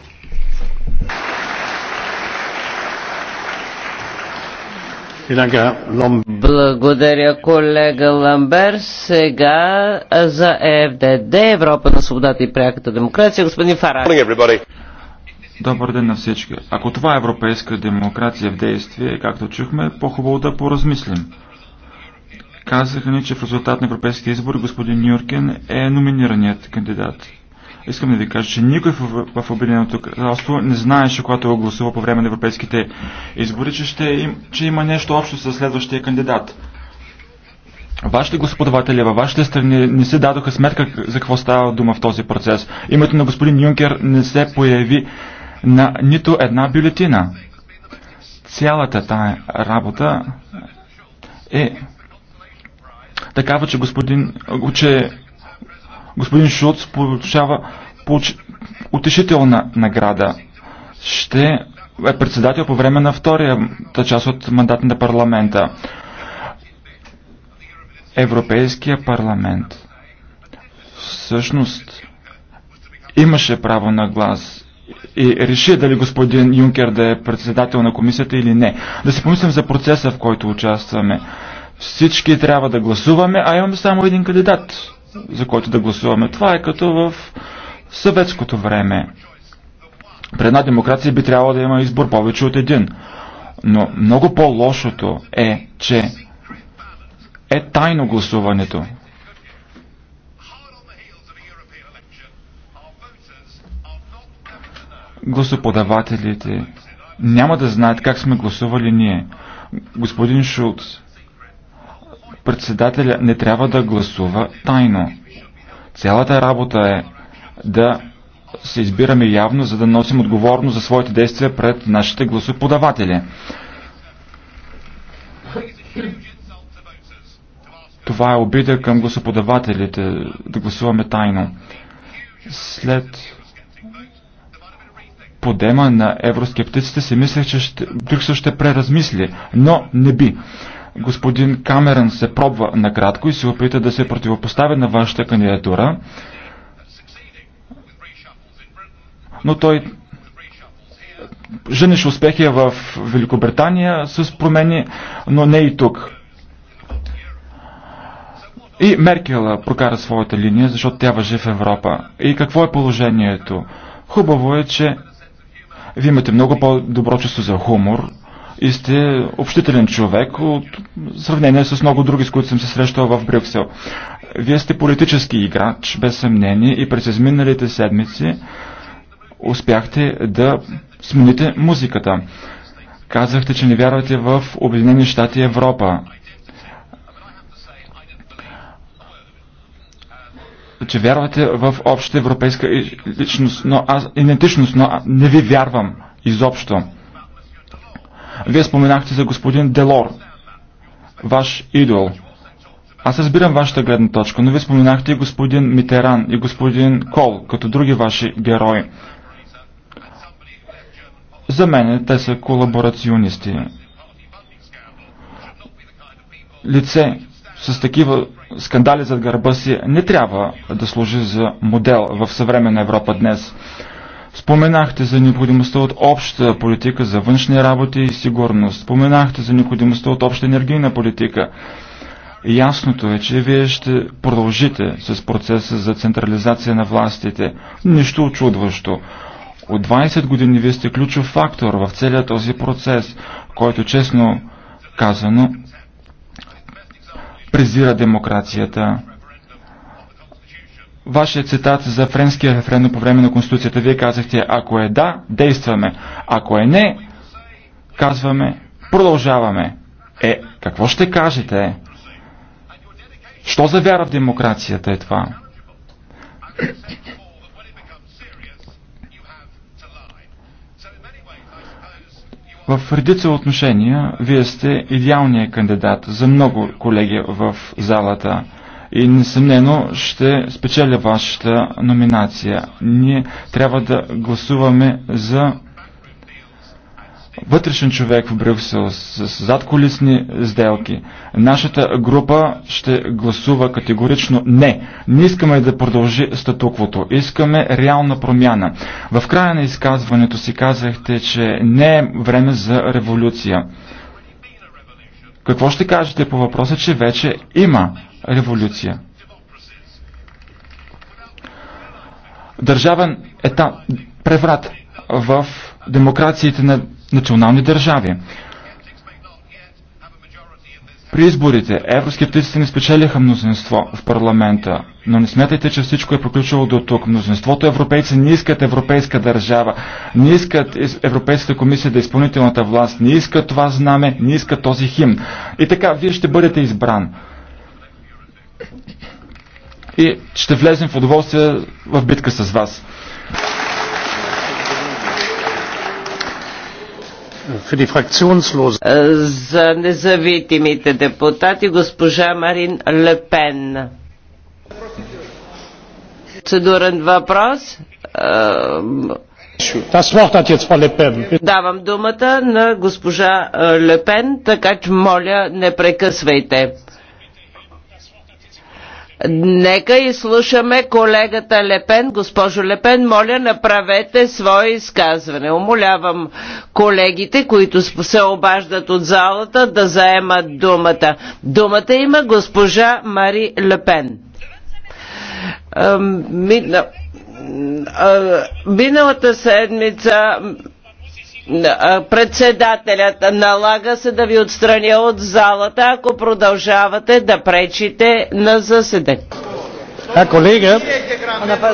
Благодаря, колега Ламбер. Сега за ЕФДД, Европа на свободата и пряката демокрация, господин Фара. Добър ден на всички. Ако това е европейска демокрация в действие, както чухме, по-хубаво да поразмислим. Казаха ни, че в резултат на европейските избори господин Нюркен е номинираният кандидат. Искам да ви кажа, че никой в, в Обединеното кралство не знаеше, когато е гласува по време на европейските избори, че, ще им, че има нещо общо с следващия кандидат. Вашите господаватели във вашите страни не се дадоха сметка за какво става дума в този процес. Името на господин Юнкер не се появи на нито една бюлетина. Цялата тая работа е такава, че господин, че господин Шуц получава получ... утешителна награда. Ще е председател по време на вторията част от мандат на парламента. Европейския парламент всъщност имаше право на глас и реши дали господин Юнкер да е председател на комисията или не. Да си помислим за процеса, в който участваме. Всички трябва да гласуваме, а имаме само един кандидат за който да гласуваме. Това е като в съветското време. При една демокрация би трябвало да има избор повече от един. Но много по-лошото е, че е тайно гласуването. Гласоподавателите няма да знаят как сме гласували ние. Господин Шулц, председателя не трябва да гласува тайно. Цялата работа е да се избираме явно, за да носим отговорност за своите действия пред нашите гласоподаватели. Това е обида към гласоподавателите да гласуваме тайно. След подема на евроскептиците си мислех, че ще, Брюксел ще преразмисли, но не би господин Камерън се пробва накратко и се опита да се противопоставя на вашата кандидатура, но той женеше успехи в Великобритания с промени, но не и тук. И Меркел прокара своята линия, защото тя въжи в Европа. И какво е положението? Хубаво е, че вие имате много по-добро чувство за хумор, и сте общителен човек, от сравнение с много други, с които съм се срещал в Брюксел. Вие сте политически играч, без съмнение, и през изминалите седмици успяхте да смените музиката. Казахте, че не вярвате в Обединени щати Европа. че вярвате в общата европейска личност, но аз, идентичност, но не ви вярвам изобщо. Вие споменахте за господин Делор, ваш идол. Аз разбирам вашата гледна точка, но вие споменахте и господин Митеран и господин Кол, като други ваши герои. За мен те са колаборационисти. Лице с такива скандали зад гърба си не трябва да служи за модел в съвременна Европа днес. Споменахте за необходимостта от обща политика за външни работи и сигурност. Споменахте за необходимостта от обща енергийна политика. Ясното е, че вие ще продължите с процеса за централизация на властите. Нищо очудващо. От 20 години вие сте ключов фактор в целия този процес, който честно казано презира демокрацията. Вашия цитат за френския референдум по време на Конституцията. Вие казахте, ако е да, действаме. Ако е не, казваме, продължаваме. Е, какво ще кажете? Що за вяра в демокрацията е това? В редица отношения вие сте идеалният кандидат за много колеги в залата и несъмнено ще спечеля вашата номинация. Ние трябва да гласуваме за вътрешен човек в Брюксел с задколисни сделки. Нашата група ще гласува категорично не. Не искаме да продължи статуквото. Искаме реална промяна. В края на изказването си казахте, че не е време за революция. Какво ще кажете по въпроса, че вече има революция. Държавен етап, преврат в демокрациите на национални държави. При изборите евроскептиците не спечелиха мнозинство в парламента, но не смятайте, че всичко е приключило до тук. Мнозинството европейци не искат европейска държава, не искат Европейската комисия да е изпълнителната власт, не искат това знаме, не искат този химн. И така, вие ще бъдете избран и ще влезем в удоволствие в битка с вас. Е, за независимите депутати госпожа Марин Лепен. Процедурен въпрос. Е, давам думата на госпожа е, Лепен, така че моля не прекъсвайте. Нека изслушаме колегата Лепен. Госпожо Лепен, моля, направете свое изказване. Умолявам колегите, които се обаждат от залата, да заемат думата. Думата има госпожа Мари Лепен. Миналата седмица председателят налага се да ви отстраня от залата, ако продължавате да пречите на заседание. А колега?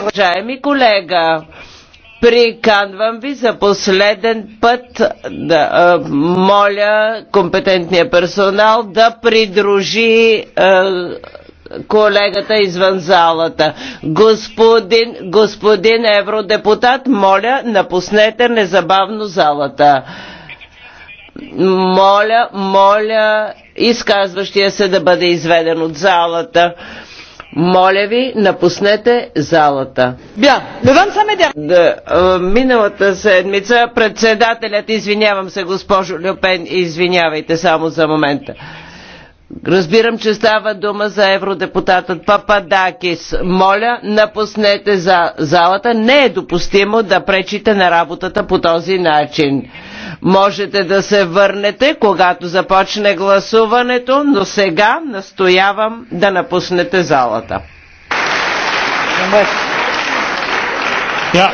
Уважаеми колега, Приканвам ви за последен път да а, моля компетентния персонал да придружи а, колегата извън залата. Господин, господин евродепутат, моля, напуснете незабавно залата. Моля, моля, изказващия се да бъде изведен от залата. Моля ви, напуснете залата. Бя, левам саме да. Миналата седмица председателят, извинявам се, госпожо Люпен, извинявайте само за момента Разбирам, че става дума за евродепутатът Пападакис. Моля, напуснете за залата. Не е допустимо да пречите на работата по този начин. Можете да се върнете, когато започне гласуването, но сега настоявам да напуснете залата. Yeah.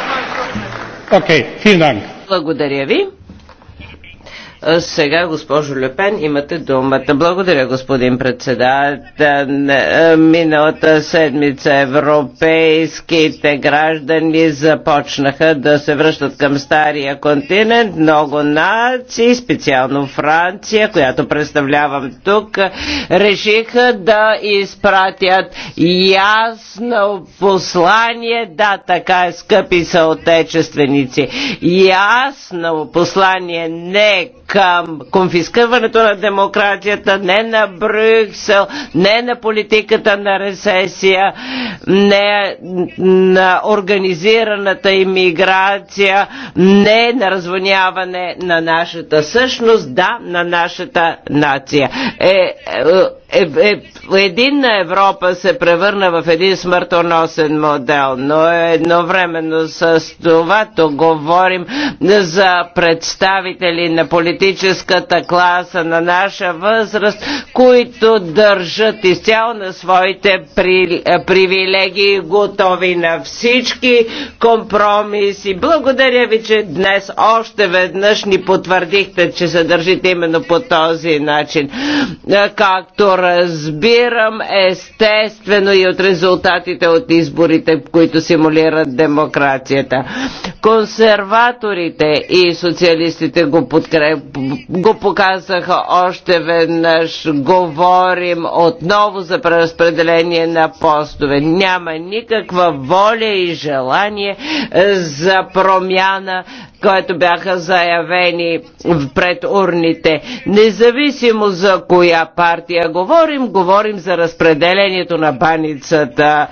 Okay. Благодаря ви. Сега, госпожо Лепен, имате думата. Благодаря, господин председател. Е, миналата седмица европейските граждани започнаха да се връщат към стария континент. Много нации, специално Франция, която представлявам тук, решиха да изпратят ясно послание. Да, така е, скъпи съотечественици. Ясно послание не към конфискуването на демокрацията, не на Брюксел, не на политиката на ресесия, не на организираната иммиграция, не на развоняване на нашата същност, да, на нашата нация. Е, е, е, е, единна Европа се превърна в един смъртоносен модел, но едновременно с това то говорим за представители на политическата класа на наша възраст, които държат изцяло на своите при, е, привилегии, готови на всички компромиси. Благодаря ви, че днес още веднъж ни потвърдихте, че се държите именно по този начин, е, както разбирам естествено и от резултатите от изборите, които симулират демокрацията. Консерваторите и социалистите го, подкреп... го показаха още веднъж. Говорим отново за преразпределение на постове. Няма никаква воля и желание е, за промяна което бяха заявени пред урните. Независимо за коя партия го говорим? Говорим за разпределението на баницата.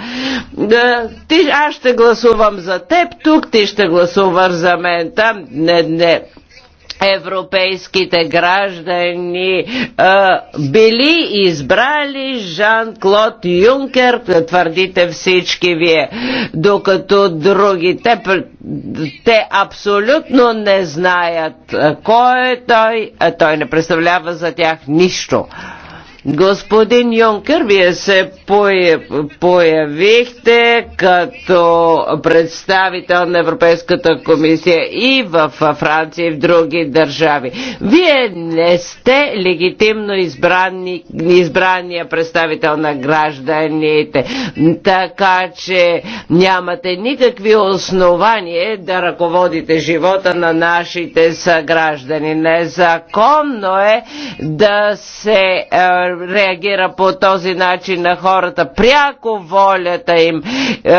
Е, ти, аз ще гласувам за теб тук, ти ще гласуваш за мен там. Не, не европейските граждани а, е, били избрали Жан-Клод Юнкер, твърдите всички вие, докато другите, те абсолютно не знаят е, кой е той, а той не представлява за тях нищо. Господин Йонкер, вие се появихте като представител на Европейската комисия и в Франция и в други държави. Вие не сте легитимно избрани, избрания представител на гражданите, така че нямате никакви основания да ръководите живота на нашите съграждани. Незаконно е да се е, реагира по този начин на хората. Пряко волята им е, е,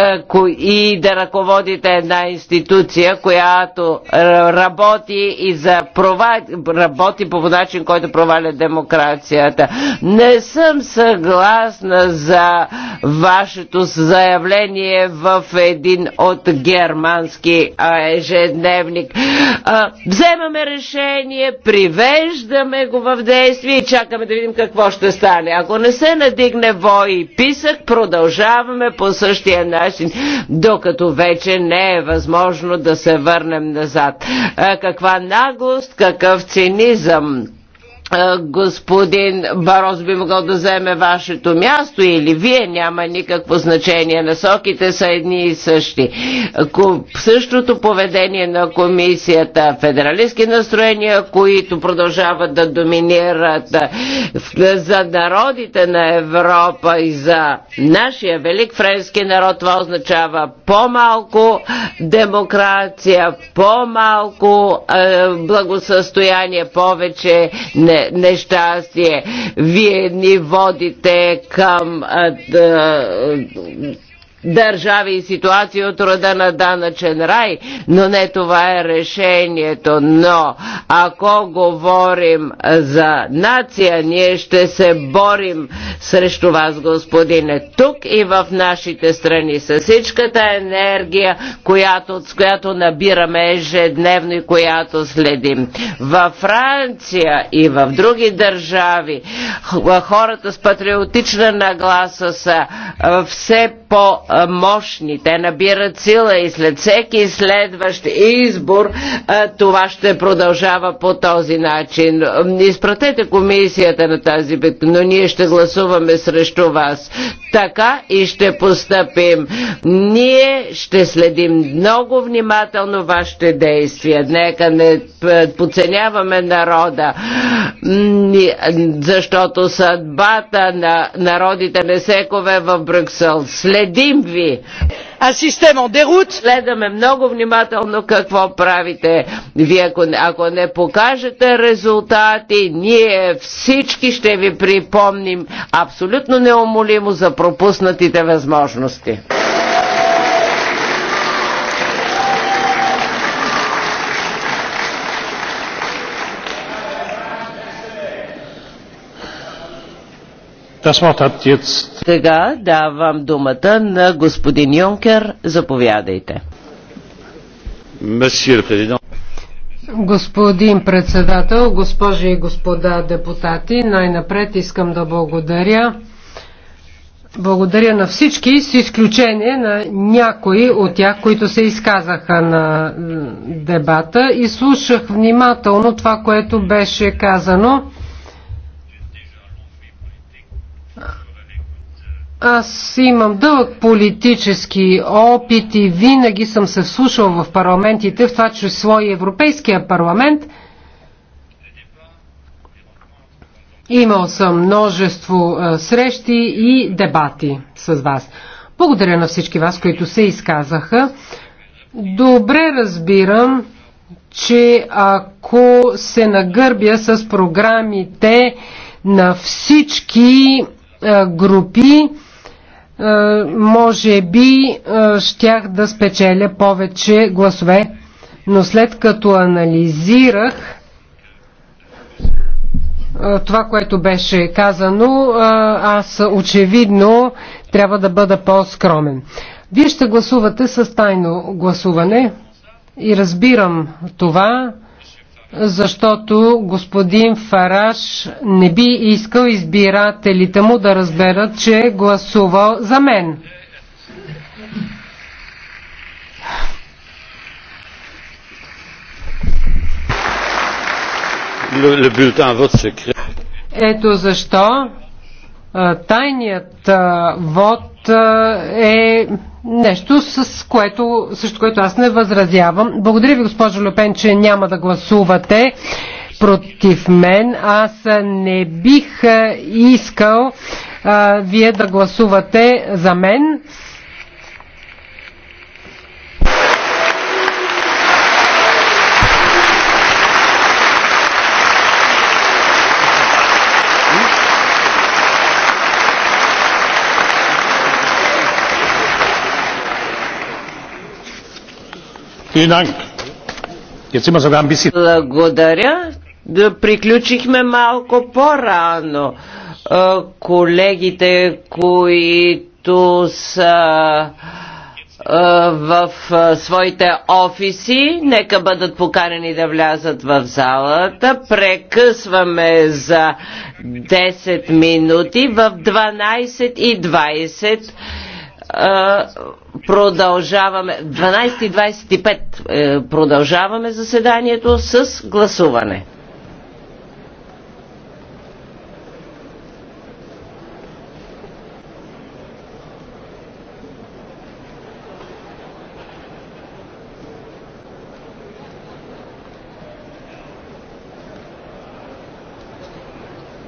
е, и да ръководите една институция, която е, работи и за прова... работи по начин, който проваля демокрацията. Не съм съгласна за вашето заявление в един от германски ежедневник. Вземаме решение, привеждаме го в действие и чакаме да видим какво ще стане. Ако не се надигне вой и писък, продължаваме по същия начин, докато вече не е възможно да се върнем назад. Каква наглост, какъв цинизъм! господин Барос би могъл да вземе вашето място или вие, няма никакво значение. Насоките са едни и същи. Същото поведение на комисията, федералистски настроения, които продължават да доминират за народите на Европа и за нашия велик френски народ, това означава по-малко демокрация, по-малко е, благосъстояние, повече не нещастие. Вие ни водите към държави и ситуации от рода на данъчен рай, но не това е решението. Но ако говорим за нация, ние ще се борим срещу вас, господине, тук и в нашите страни, с всичката енергия, която, с която набираме ежедневно и която следим. Във Франция и в други държави хората с патриотична нагласа са все по мощни. Те набират сила и след всеки следващ избор това ще продължава по този начин. Изпратете комисията на тази битка, но ние ще гласуваме срещу вас. Така и ще постъпим. Ние ще следим много внимателно вашите действия. Нека не подценяваме народа, защото съдбата на народите на секове в Брюксел следим ви. А система дерут. Гледаме много внимателно какво правите. Вие ако, ако не покажете резултати, ние всички ще ви припомним абсолютно неумолимо за пропуснатите възможности. Сега давам думата на господин Юнкер. Заповядайте. Господин председател, госпожи и господа депутати, най-напред искам да благодаря. Благодаря на всички, с изключение на някои от тях, които се изказаха на дебата и слушах внимателно това, което беше казано. Аз имам дълъг политически опит и винаги съм се вслушал в парламентите, в това число и Европейския парламент. Имал съм множество е, срещи и дебати с вас. Благодаря на всички вас, които се изказаха. Добре разбирам, че ако се нагърбя с програмите на всички е, групи, е, може би е, щях да спечеля повече гласове, но след като анализирах е, това, което беше казано, аз очевидно трябва да бъда по-скромен. Вие ще гласувате с тайно гласуване и разбирам това защото господин Фараш не би искал избирателите му да разберат, че е гласувал за мен. Ето защо Тайният вод е нещо, с което, също което аз не възразявам. Благодаря ви, госпожо Лепен, че няма да гласувате против мен. Аз не бих искал а, вие да гласувате за мен. Благодаря. Да приключихме малко по-рано. Е, колегите, които са е, в е, своите офиси. Нека бъдат поканени да влязат в залата. Прекъсваме за 10 минути в 12 и 20 продължаваме. 12.25 е, продължаваме заседанието с гласуване.